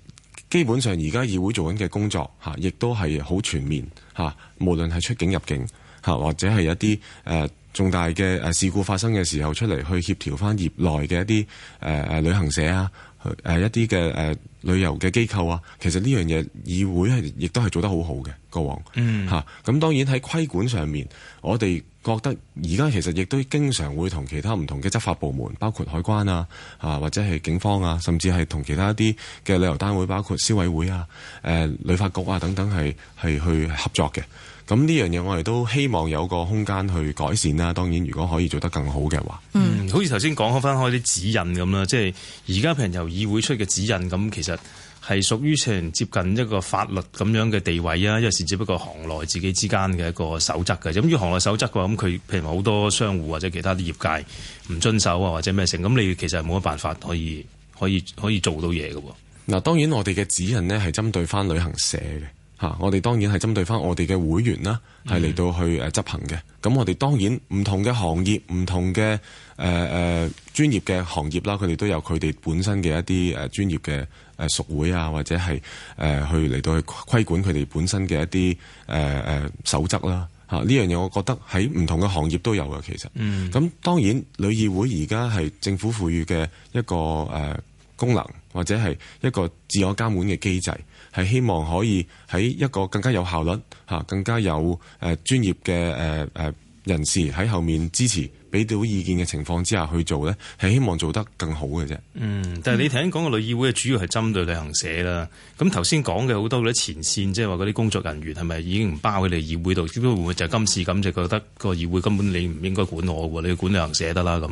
基本上而家議會做緊嘅工作吓，亦都係好全面吓、啊，無論係出境入境吓、啊，或者係一啲誒。啊重大嘅誒事故發生嘅時候出、呃，出嚟去協調翻業內嘅一啲誒誒旅行社啊，誒、呃、一啲嘅誒旅遊嘅機構啊，其實呢樣嘢議會係亦都係做得好好嘅，過往嚇。咁、嗯啊、當然喺規管上面，我哋覺得而家其實亦都經常會同其他唔同嘅執法部門，包括海關啊，啊或者係警方啊，甚至係同其他一啲嘅旅遊單位，包括消委會啊、誒旅發局啊等等，係係去合作嘅。咁呢樣嘢，我哋都希望有個空間去改善啦。當然，如果可以做得更好嘅話，嗯，好似頭先講開翻開啲指引咁啦，即係而家譬如由議會出嘅指引，咁其實係屬於成接近一個法律咁樣嘅地位啊。因為是只不過行內自己之間嘅一個守則嘅。咁於行內守則嘅話，咁佢譬如好多商戶或者其他啲業界唔遵守啊，或者咩成咁，你其實冇乜辦法可以可以可以做到嘢㗎。嗱，當然我哋嘅指引呢係針對翻旅行社嘅。吓、啊，我哋當然係針對翻我哋嘅會員啦，係嚟到去誒執行嘅。咁我哋當然唔同嘅行業，唔同嘅誒誒專業嘅行業啦，佢哋都有佢哋本身嘅一啲誒專業嘅誒屬會啊，或者係誒、呃、去嚟到去規管佢哋本身嘅一啲誒誒守則啦。吓、啊、呢樣嘢，我覺得喺唔同嘅行業都有嘅。其實，咁、嗯、當然旅議會而家係政府賦予嘅一個誒、呃、功能，或者係一個自我監管嘅機制。係希望可以喺一個更加有效率吓、更加有誒專業嘅誒誒人士喺後面支持。俾到意見嘅情況之下去做呢，係希望做得更好嘅啫。嗯，但係你聽講個旅議會主要係針對旅行社啦。咁頭先講嘅好多嗰啲前線，即係話嗰啲工作人員係咪已經唔包喺哋議會度？咁會唔會就今次咁就覺得個議會根本你唔應該管我喎？你要管旅行社得啦咁。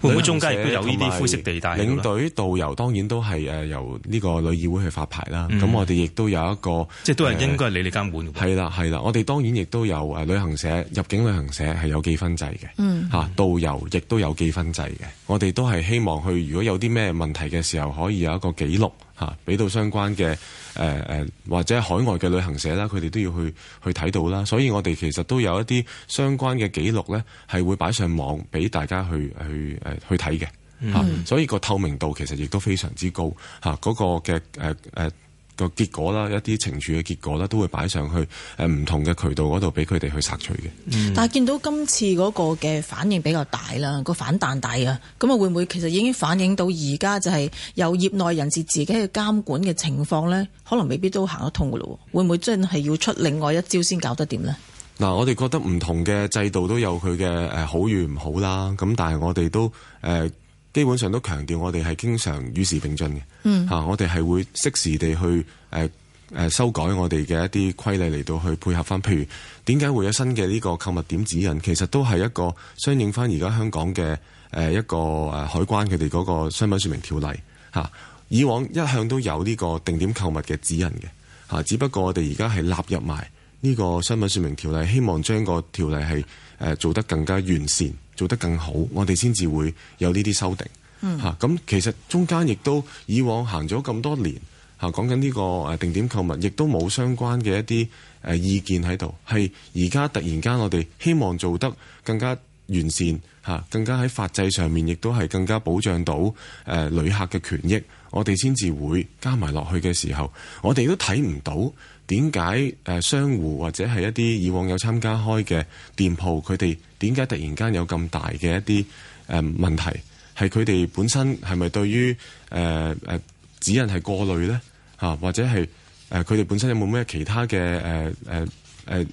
會唔會中間亦都有呢啲灰色地帶？領隊導遊當然都係誒由呢個旅議會去發牌啦。咁、嗯、我哋亦都有一個，即係都係應該你哋監管。係啦係啦，我哋當然亦都有旅行社入境旅行社係有記分制嘅。嗯。導遊亦都有記分制嘅，我哋都係希望佢如果有啲咩問題嘅時候，可以有一個記錄嚇，俾到相關嘅誒誒，或者海外嘅旅行社啦，佢哋都要去去睇到啦。所以我哋其實都有一啲相關嘅記錄咧，係會擺上網俾大家去去誒去睇嘅嚇。所以個透明度其實亦都非常之高嚇，嗰、啊嗰個嘅誒誒。呃呃個結果啦，一啲懲處嘅結果啦，都會擺上去誒唔同嘅渠道嗰度，俾佢哋去拆除嘅。嗯、但係見到今次嗰個嘅反應比較大啦，個反彈大啊，咁啊會唔會其實已經反映到而家就係由業內人士自己去監管嘅情況呢？可能未必都行得通嘅咯。會唔會真係要出另外一招先搞得掂呢？嗱、嗯，我哋覺得唔同嘅制度都有佢嘅誒好與唔好啦。咁但係我哋都誒。呃基本上都強調我哋係經常與時並進嘅，嚇、嗯啊、我哋係會適時地去誒誒、呃呃、修改我哋嘅一啲規例嚟到去配合翻。譬如點解會有新嘅呢個購物點指引？其實都係一個相應翻而家香港嘅誒一個誒海關佢哋嗰個商品説明條例嚇、啊。以往一向都有呢個定點購物嘅指引嘅嚇、啊，只不過我哋而家係納入埋呢個商品説明條例，希望將個條例係誒、呃、做得更加完善。做得更好，我哋先至會有呢啲修訂嚇。咁、嗯、其實中間亦都以往行咗咁多年嚇，講緊呢個誒定點購物，亦都冇相關嘅一啲誒意見喺度。係而家突然間，我哋希望做得更加完善嚇，更加喺法制上面，亦都係更加保障到誒、呃、旅、呃、客嘅權益。我哋先至會加埋落去嘅時候，我哋都睇唔到。點解誒商戶或者係一啲以往有參加開嘅店鋪，佢哋點解突然間有咁大嘅一啲誒問題？係佢哋本身係咪對於誒誒、呃呃、指引係過濾咧？嚇、啊，或者係誒佢哋本身有冇咩其他嘅誒誒誒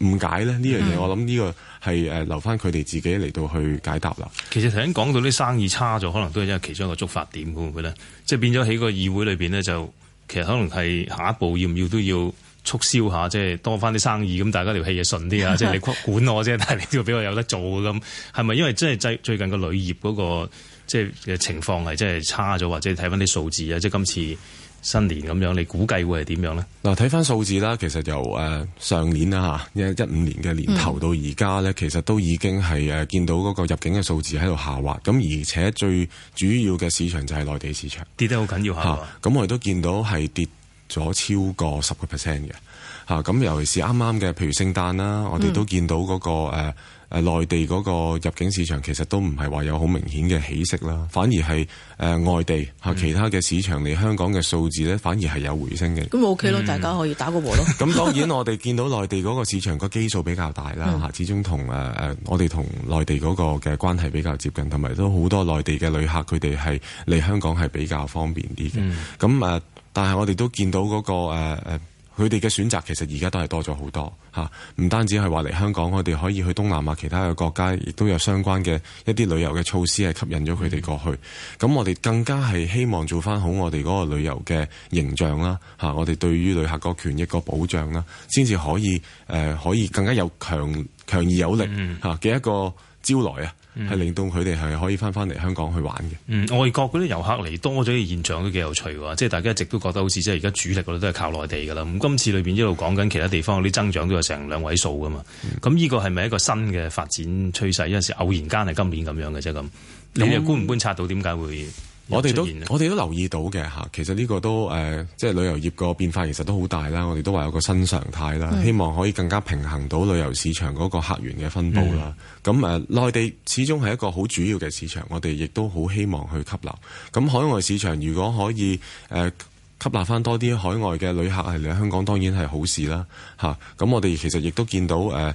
誤解咧？呢樣嘢我諗呢個係誒留返佢哋自己嚟到去解答啦。其實頭先講到啲生意差咗，可能都係因為其中一個觸發點，會唔會咧？即係變咗喺個議會裏邊咧就。其實可能係下一步要唔要都要促銷下，即係多翻啲生意咁，大家條氣嘢順啲啊！ [LAUGHS] 即係你管我啫，但係你都要俾我有得做嘅咁，係咪因為真係最近個旅業嗰個即係嘅情況係真係差咗，或者睇翻啲數字啊，即係今次。新年咁樣，你估計會係點樣咧？嗱，睇返數字啦，其實由誒上年啦嚇，一一五年嘅年頭到而家咧，嗯、其實都已經係誒見到嗰個入境嘅數字喺度下滑，咁而且最主要嘅市場就係內地市場，跌得好緊要嚇。咁、啊、我哋都見到係跌咗超過十個 percent 嘅嚇，咁、啊、尤其是啱啱嘅，譬如聖誕啦，我哋都見到嗰、那個誒誒、呃、內地嗰個入境市場其實都唔係話有好明顯嘅起色啦，反而係誒、呃、外地嚇、啊、其他嘅市場嚟香港嘅數字咧，反而係有回升嘅。咁 OK 咯，大家可以打個和咯。咁當然我哋見到內地嗰個市場個基數比較大啦嚇，嗯、始終同誒誒我哋同內地嗰個嘅關係比較接近，同埋都好多內地嘅旅客佢哋係嚟香港係比較方便啲嘅。咁啊、嗯、～、嗯但係我哋都見到嗰、嗰個誒佢哋嘅選擇其實而家都係多咗好多嚇，唔、啊、單止係話嚟香港，我哋可以去東南亞其他嘅國家，亦都有相關嘅一啲旅遊嘅措施係吸引咗佢哋過去。咁、啊嗯、我哋更加係希望做翻好我哋嗰個旅遊嘅形象啦嚇、啊，我哋對於旅客個權益、個保障啦，先、啊、至可以誒、呃、可以更加有強強而有力嚇嘅一個招來啊！嗯係令到佢哋係可以翻翻嚟香港去玩嘅。嗯，外國嗰啲遊客嚟多咗嘅現象都幾有趣喎。即係大家一直都覺得好似即係而家主力嗰度都係靠內地㗎啦。咁今次裏邊一路講緊其他地方嗰啲增長都有成兩位數㗎嘛。咁呢、嗯、個係咪一個新嘅發展趨勢？有陣時偶然間係今年咁樣嘅啫咁。咁你觀唔觀察到點解會？我哋都我哋都留意到嘅嚇，其實呢個都誒，即係旅遊業個變化，其實都好大啦。我哋都話有個新常態啦，是希望可以更加平衡到旅遊市場嗰個客源嘅分布啦。咁誒是，內地始終係一個好主要嘅市場，我哋亦都好希望去吸納。咁海外市場如果可以誒吸納翻多啲海外嘅旅客嚟香港，當然係好事啦嚇。咁我哋其實亦都見到誒。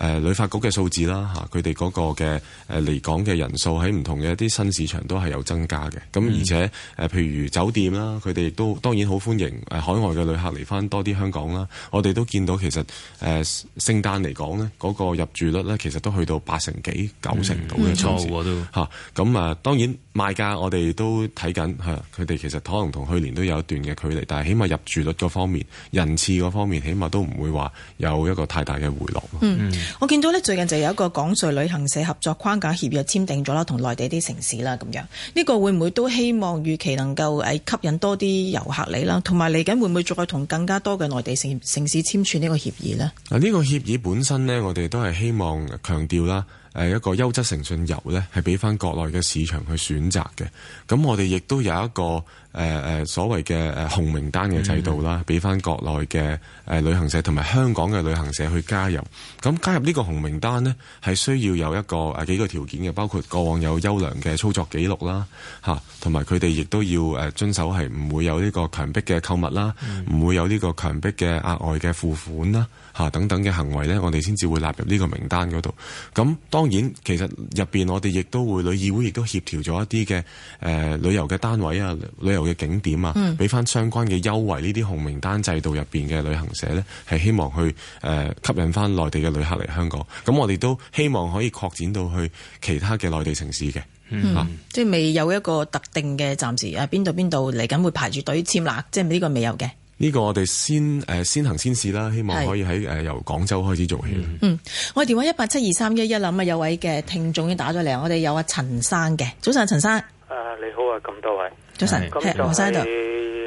誒旅發局嘅數字啦，嚇佢哋嗰個嘅誒嚟港嘅人數喺唔同嘅一啲新市場都係有增加嘅。咁而且誒，譬如酒店啦，佢哋亦都當然好歡迎誒海外嘅旅客嚟翻多啲香港啦。我哋都見到其實誒聖誕嚟講呢，嗰個入住率呢，其實都去到八成幾、九成到嘅。冇錯喎都嚇。咁啊，當然賣價我哋都睇緊，佢哋其實可能同去年都有一段嘅距離，但係起碼入住率嗰方面、人次嗰方面，起碼都唔會話有一個太大嘅回落。嗯。我見到咧，最近就有一個港穗旅行社合作框架協約簽訂咗啦，同內地啲城市啦咁樣。呢個會唔會都希望預期能夠誒吸引多啲遊客嚟啦？同埋嚟緊會唔會再同更加多嘅內地城城市簽署呢個協議呢？啊，呢個協議本身呢，我哋都係希望強調啦，誒一個優質誠信遊呢係俾翻國內嘅市場去選擇嘅。咁我哋亦都有一個。誒誒所謂嘅紅名單嘅制度啦，俾翻國內嘅誒旅行社同埋香港嘅旅行社去加入。咁加入呢個紅名單呢，係需要有一個幾個條件嘅，包括過往有優良嘅操作記錄啦，嚇，同埋佢哋亦都要誒遵守係唔會有呢個強迫嘅購物啦，嗯，唔會有呢個強迫嘅額外嘅付款啦，嚇等等嘅行為呢，我哋先至會納入呢個名單嗰度。咁當然其實入邊我哋亦都會旅議會亦都協調咗一啲嘅誒旅遊嘅單位啊旅遊。嘅景點啊，俾翻、嗯、相關嘅優惠呢啲紅名單制度入邊嘅旅行社呢，係希望去誒、呃、吸引翻內地嘅旅客嚟香港。咁我哋都希望可以擴展到去其他嘅內地城市嘅、嗯啊嗯，即係未有一個特定嘅暫時誒邊度邊度嚟緊會排住隊簽啦，即係呢個未有嘅呢個我哋先誒、呃、先行先試啦，希望可以喺誒是、呃、由廣州開始做起。嗯，我電話一八七二三一一啊，啊有位嘅聽眾已經打咗嚟，我哋有阿陳生嘅，早晨陳生，誒、啊、你好啊，咁多位。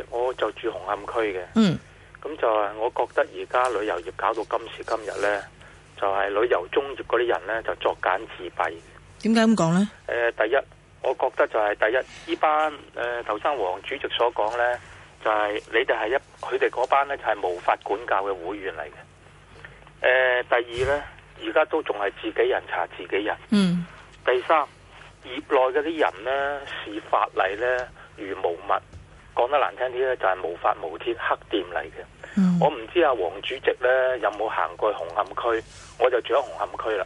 我，我就住紅磡區嘅，咁、嗯、就啊，我覺得而家旅遊業搞到今時今日呢，就係、是、旅遊中業嗰啲人呢，就作繭自縛。點解咁講呢？誒、呃，第一，我覺得就係第一，呢班誒，頭、呃、先黃主席所講呢，就係、是、你哋係一佢哋嗰班呢，就係、是、無法管教嘅會員嚟嘅。誒、呃，第二呢，而家都仲係自己人查自己人。嗯。第三，業內嗰啲人呢，視法例呢。呢呢呢如無物，講得難聽啲咧，就係、是、無法無天黑店嚟嘅。嗯、我唔知阿黃主席呢，有冇行過紅磡區？我就住喺紅磡區啦。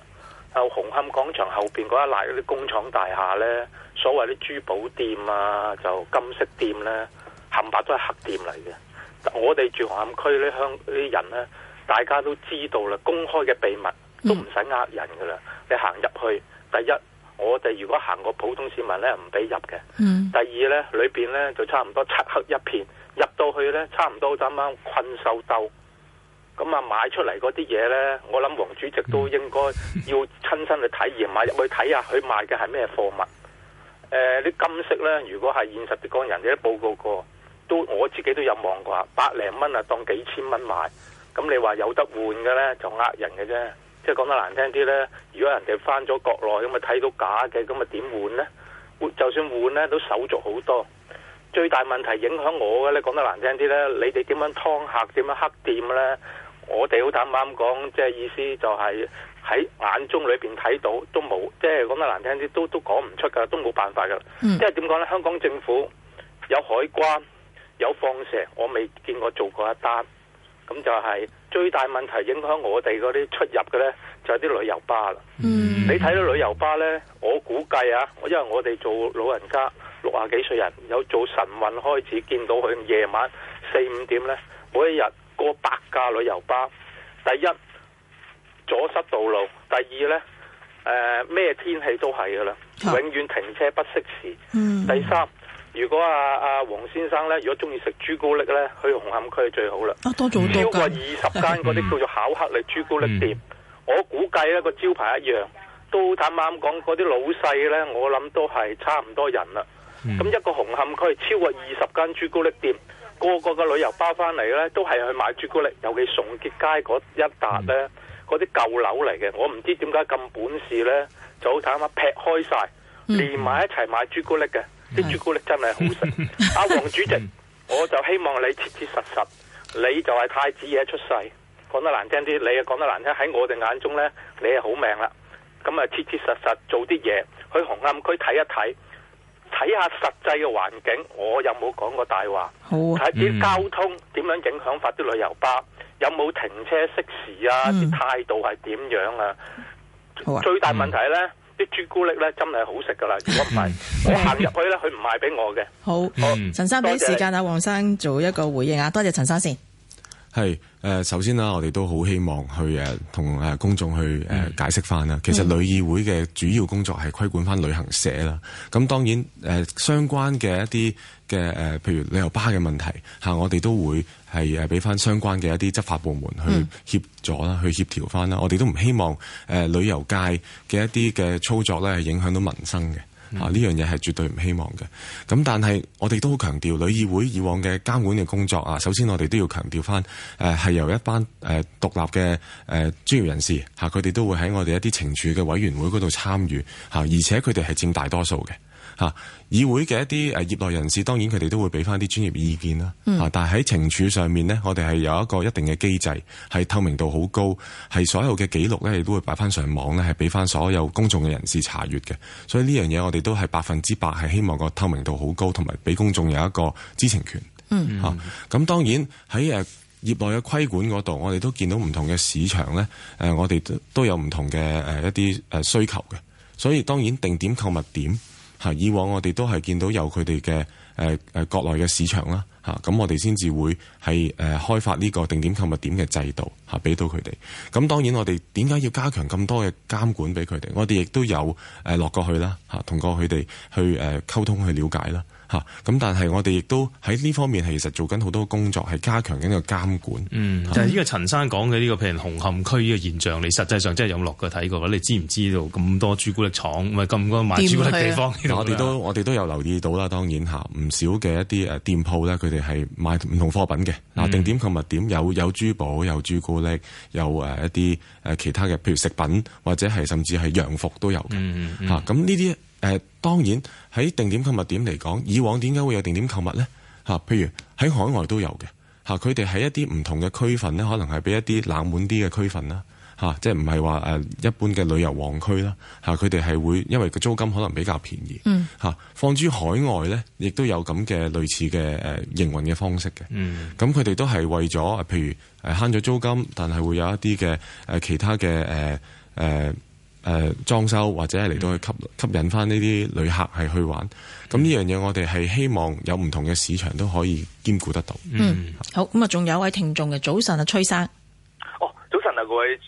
就紅磡廣場後邊嗰一列嗰啲工廠大廈呢，所謂啲珠寶店啊，就金飾店呢，冚唪唥都係黑店嚟嘅。我哋住紅磡區呢，香啲人呢，大家都知道啦，公開嘅秘密都唔使呃人噶啦。嗯、你行入去，第一。我哋如果行過普通市民呢，唔俾入嘅。嗯、第二呢，裏邊呢就差唔多漆黑一片，入到去呢，差唔多啱啱困獸鬥。咁、嗯、啊，買出嚟嗰啲嘢呢，我諗黃主席都應該要親身去體驗，買入去睇下佢賣嘅係咩貨物。誒、呃，啲金色呢，如果係現實啲，講，人哋都報告過，都我自己都有望過，百零蚊啊，當幾千蚊買。咁、嗯、你話有得換嘅呢，就呃人嘅啫。即係講得難聽啲呢，如果人哋返咗國內，咁咪睇到假嘅，咁咪點換呢？就算換呢，都手續好多。最大問題影響我嘅呢，講得難聽啲呢，你哋點樣劏客，點樣黑店呢？我哋好坦白咁講，即係意思就係喺眼中裏邊睇到都冇，即係講得難聽啲都都講唔出噶，都冇辦法噶。嗯。因為點講呢？香港政府有海關有放蛇，我未見過做過一單。咁就係最大問題影響我哋嗰啲出入嘅呢，就係、是、啲旅遊巴啦。Mm. 你睇到旅遊巴呢，我估計啊，因為我哋做老人家六十幾歲人，有做晨運開始見到佢夜晚四五點呢，每一日過百架旅遊巴，第一阻塞道路，第二呢，咩、呃、天氣都係噶啦，永遠停車不適時，mm. 第三。如果啊啊黃先生咧，如果中意食朱古力咧，去紅磡區最好啦。啊、多超過二十間嗰啲叫做巧克力朱古力店，嗯嗯、我估計咧，個招牌一樣，都坦白啱講嗰啲老細咧，我諗都係差唔多人啦。咁、嗯、一個紅磡區超過二十間朱古力店，個個嘅旅遊包翻嚟咧，都係去買朱古力，尤其崇潔街嗰一笪咧，嗰啲、嗯、舊樓嚟嘅，我唔知點解咁本事咧，就好坦白劈開晒，連埋一齊買朱古力嘅。嗯啲朱古力真係好食。阿黃主席，我就希望你切切實實，你就係太子爺出世。講得難聽啲，你講得難聽喺我哋眼中呢，你係好命啦。咁、嗯、啊，切切實實做啲嘢，去紅磡區睇一睇，睇下實際嘅環境。我有冇講過大話？睇啲交通點樣影響翻啲旅遊巴，有冇停車熄匙啊？啲態度係點樣啊？最大問題呢。嗯嗯啲朱古力咧真係好食噶啦，如果唔係你行入去咧，佢唔賣俾我嘅。好，陳、嗯、好生俾時間啊，謝黃生做一個回應啊，多謝陳生先。係誒、呃，首先啦，我哋都好希望去誒同誒公衆去誒、呃、解釋翻啦。其實旅議會嘅主要工作係規管翻旅行社啦。咁、嗯嗯、當然誒、呃，相關嘅一啲。嘅誒，譬如旅遊巴嘅問題嚇，我哋都會係誒俾翻相關嘅一啲執法部門去協助啦，嗯、去協調翻啦。我哋都唔希望誒旅遊界嘅一啲嘅操作咧，係影響到民生嘅嚇。呢樣嘢係絕對唔希望嘅。咁但係我哋都好強調，旅議會以往嘅監管嘅工作啊，首先我哋都要強調翻誒係由一班誒獨立嘅誒專業人士嚇，佢哋都會喺我哋一啲懲處嘅委員會嗰度參與嚇，而且佢哋係佔大多數嘅。嚇！議會嘅一啲誒業內人士，當然佢哋都會俾翻啲專業意見啦。嚇、嗯！但係喺懲處上面呢，我哋係有一個一定嘅機制，係透明度好高，係所有嘅記錄呢，亦都會擺翻上網咧，係俾翻所有公眾嘅人士查閲嘅。所以呢樣嘢，我哋都係百分之百係希望個透明度好高，同埋俾公眾有一個知情權。嗯咁、啊、當然喺誒業內嘅規管嗰度，我哋都見到唔同嘅市場呢，誒，我哋都有唔同嘅誒一啲誒需求嘅，所以當然定點購物點。嚇！以往我哋都係見到有佢哋嘅誒誒國內嘅市場啦嚇，咁、啊、我哋先至會係誒、呃、開發呢個定點購物點嘅制度嚇，俾、啊、到佢哋。咁、啊、當然我哋點解要加強咁多嘅監管俾佢哋？我哋亦都有誒、呃、落過去啦嚇、啊，同過佢哋去誒、呃、溝通去了解啦。嚇！咁但係我哋亦都喺呢方面其實做緊好多工作，係加強緊個監管。嗯，就係、是、呢個陳生講嘅呢個譬如紅磡區呢個現象，你實際上真係有落過睇過。你知唔知道咁多朱古力廠，唔係咁多賣朱古力地方？它我哋都我哋都有留意到啦，當然嚇唔少嘅一啲誒店鋪咧，佢哋係賣唔同貨品嘅。嗱、嗯，定點購物點有有珠寶，有朱古力，有誒一啲誒其他嘅，譬如食品或者係甚至係洋服都有嘅、嗯。嗯咁呢啲。啊誒、呃、當然喺定點購物點嚟講，以往點解會有定點購物咧？嚇、啊，譬如喺海外都有嘅嚇，佢哋喺一啲唔同嘅區份咧，可能係俾一啲冷門啲嘅區份啦嚇，即係唔係話誒一般嘅旅遊旺區啦嚇，佢哋係會因為個租金可能比較便宜嚇、嗯啊，放諸海外咧，亦都有咁嘅類似嘅誒、呃、營運嘅方式嘅。咁佢哋都係為咗譬如誒慳咗租金，但係會有一啲嘅誒其他嘅誒誒。呃呃呃誒、呃、裝修或者係嚟到去吸吸引翻呢啲旅客係去玩，咁呢、嗯、樣嘢我哋係希望有唔同嘅市場都可以兼顧得到。嗯，嗯嗯好，咁啊，仲有一位聽眾嘅早晨啊，崔生。哦，早晨啊，各位誒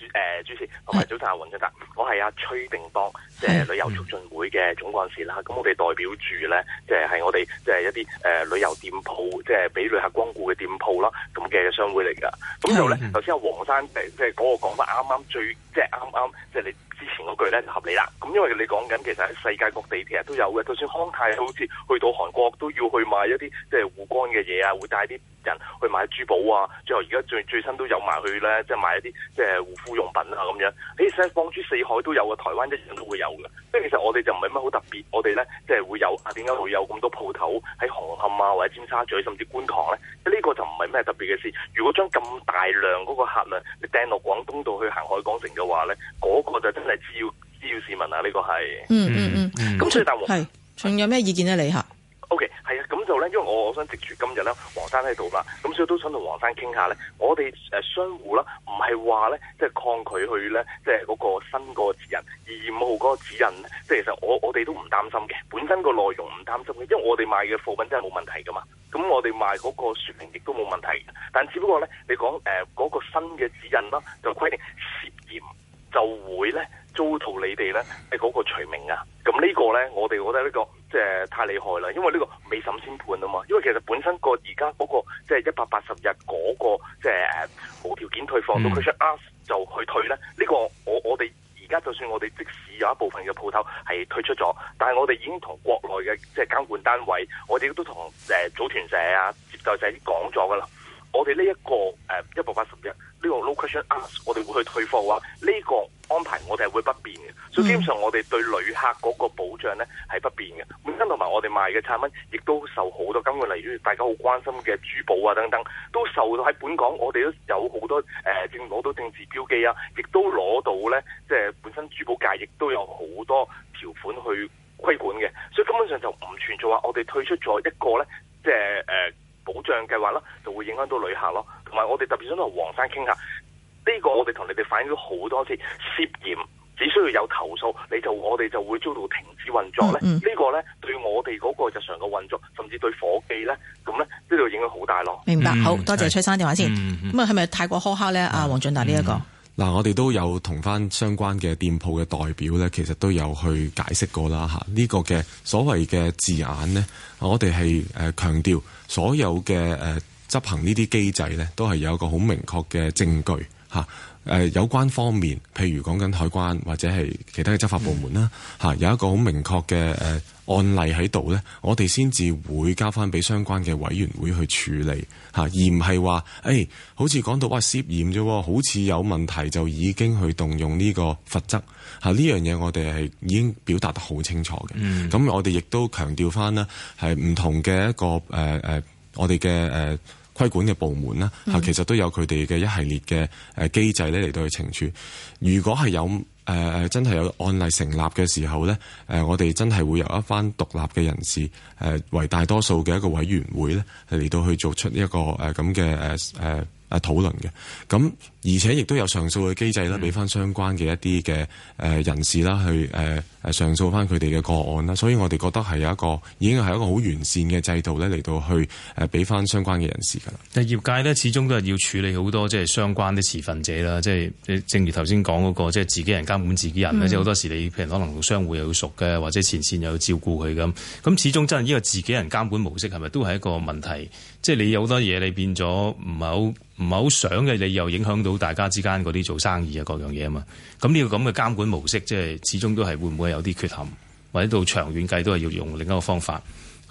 主持，是我係早晨阿黃進達，我係阿崔定邦，即係是旅遊促進會嘅總幹事啦。咁是我哋代表住咧，即係係我哋即係一啲誒旅遊店鋪，即係俾旅客光顧嘅店鋪啦，咁嘅商會嚟噶。咁就咧，頭是、嗯、先阿黃生即係即係嗰個講得啱啱最，即係啱啱即係你。就是剛剛之前嗰句咧就合理啦，咁因為你講緊，其實喺世界各地其實都有嘅，就算康泰好似去到韓國都要去買一啲即係護肝嘅嘢啊，會帶啲。人去買珠寶啊，最後而家最最新都有埋去咧，即係買一啲即係護膚用品啊咁樣。誒、哎，實際上放諸四海都有嘅，台灣一樣都會有嘅。即係其實我哋就唔係乜好特別，我哋咧即係會有啊？點解會有咁多鋪頭喺紅磡啊，或者尖沙咀，甚至觀塘咧？呢、這個就唔係咩特別嘅事。如果將咁大量嗰個客量，你掟落廣東道去行海港城嘅話咧，嗰、那個就真係滋擾市民啊！呢、這個係嗯嗯嗯。咁所以大王，係仲有咩意見咧？你吓？O K，係啊。就咧，因為我我想藉住今日咧，黃生喺度啦，咁所以都想同黃生傾下咧，我哋誒商戶啦，唔係話咧，即係抗拒去咧，即係嗰個新個指引，而五號嗰個指引咧，即係其實我我哋都唔擔心嘅，本身個內容唔擔心嘅，因為我哋賣嘅貨品真係冇問題噶嘛，咁我哋賣嗰個說明亦都冇問題，但只不過咧，你講誒嗰個新嘅指引啦，就規定涉嫌就會咧，遭到你哋咧，喺嗰個除名啊，咁呢個咧，我哋覺得呢個。即係太厲害啦，因為呢個未審先判啊嘛，因為其實本身個而家嗰個即係一百八十日嗰個即係誒無條件退貨，到佢想 ask 就去退咧。呢個我我哋而家就算我哋即使有一部分嘅鋪頭係退出咗，但係我哋已經同國內嘅即係監管單位，我哋都同誒組團社啊、接待社已經講咗噶啦。我哋呢一個誒一百八十日。呢個 location ask，我哋會去退貨嘅話，呢、這個安排我哋係會不變嘅、嗯呃呃，所以基本上我哋對旅客嗰個保障呢係不變嘅。本身同埋我哋賣嘅產品，亦都受好多，根本例如大家好關心嘅珠寶啊等等，都受到喺本港，我哋都有好多誒，攞到政治標記啊，亦都攞到呢即係本身珠寶界亦都有好多條款去規管嘅，所以根本上就唔存在話我哋退出咗一個呢，即係誒。保障計劃啦，就會影響到旅客咯，同埋我哋特別想同黃生傾下，呢、這個我哋同你哋反映咗好多次，涉嫌只需要有投訴，你就我哋就會遭到停止運作咧。呢、嗯嗯、個咧對我哋嗰個日常嘅運作，甚至對伙計咧，咁咧呢度影響好大咯。明白，好多謝崔生電話先。咁、嗯嗯嗯、啊，係咪太過苛刻咧？阿黃進達呢一個。嗯嗱，我哋都有同翻相關嘅店鋪嘅代表呢，其實都有去解釋過啦嚇。呢個嘅所謂嘅字眼呢，我哋係誒強調所有嘅誒執行呢啲機制呢，都係有一個好明確嘅證據嚇。誒、呃、有關方面，譬如講緊海關或者係其他嘅執法部門啦，嚇、嗯啊、有一個好明確嘅誒、呃、案例喺度咧，我哋先至會交翻俾相關嘅委員會去處理嚇、啊，而唔係話誒好似講到哇涉嫌啫，好似有問題就已經去動用呢個罰則嚇呢、啊、樣嘢，我哋係已經表達得好清楚嘅。咁、嗯、我哋亦都強調翻呢係唔同嘅一個誒誒、呃呃呃，我哋嘅誒。呃規管嘅部門啦，嗯、其實都有佢哋嘅一系列嘅誒機制咧嚟到去懲處。如果係有誒誒、呃、真係有案例成立嘅時候咧，誒、呃、我哋真係會由一班獨立嘅人士誒、呃、為大多數嘅一個委員會咧嚟到去做出一個誒咁嘅誒誒誒討論嘅。咁而且亦都有上訴嘅機制啦，俾翻相關嘅一啲嘅誒人士啦，去誒誒上訴翻佢哋嘅個案啦。所以我哋覺得係有一個已經係一個好完善嘅制度咧，嚟到去誒俾翻相關嘅人士噶。但業界咧，始終都係要處理好多即係相關啲持份者啦，即係正如頭先講個即係自己人監管自己人咧，即係好多時你譬如可能同商戶又要熟嘅，或者前線又要照顧佢咁。咁始終真係呢個自己人監管模式係咪都係一個問題？即係你有好多嘢你變咗唔係好唔係好想嘅，你又影響到。到大家之間嗰啲做生意啊各樣嘢啊嘛，咁呢個咁嘅監管模式，即係始終都係會唔會有啲缺陷，或者到長遠計都係要用另一個方法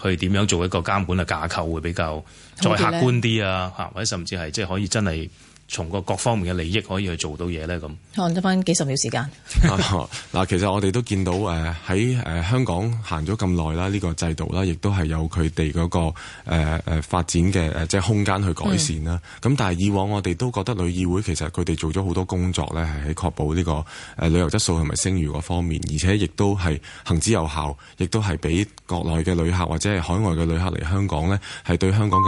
去點樣做一個監管嘅架構，會比較再客觀啲啊，吓？或者甚至係即係可以真係。從個各方面嘅利益可以去做到嘢咧，咁，我得翻幾十秒時間。嗱，其實我哋都見到誒喺誒香港行咗咁耐啦，呢、這個制度啦，亦都係有佢哋嗰個誒誒、呃、發展嘅誒即係空間去改善啦。咁、嗯、但係以往我哋都覺得旅議會其實佢哋做咗好多工作咧，係喺確保呢個誒旅遊質素同埋聲譽嗰方面，而且亦都係行之有效，亦都係俾國內嘅旅客或者係海外嘅旅客嚟香港咧，係對香港嘅。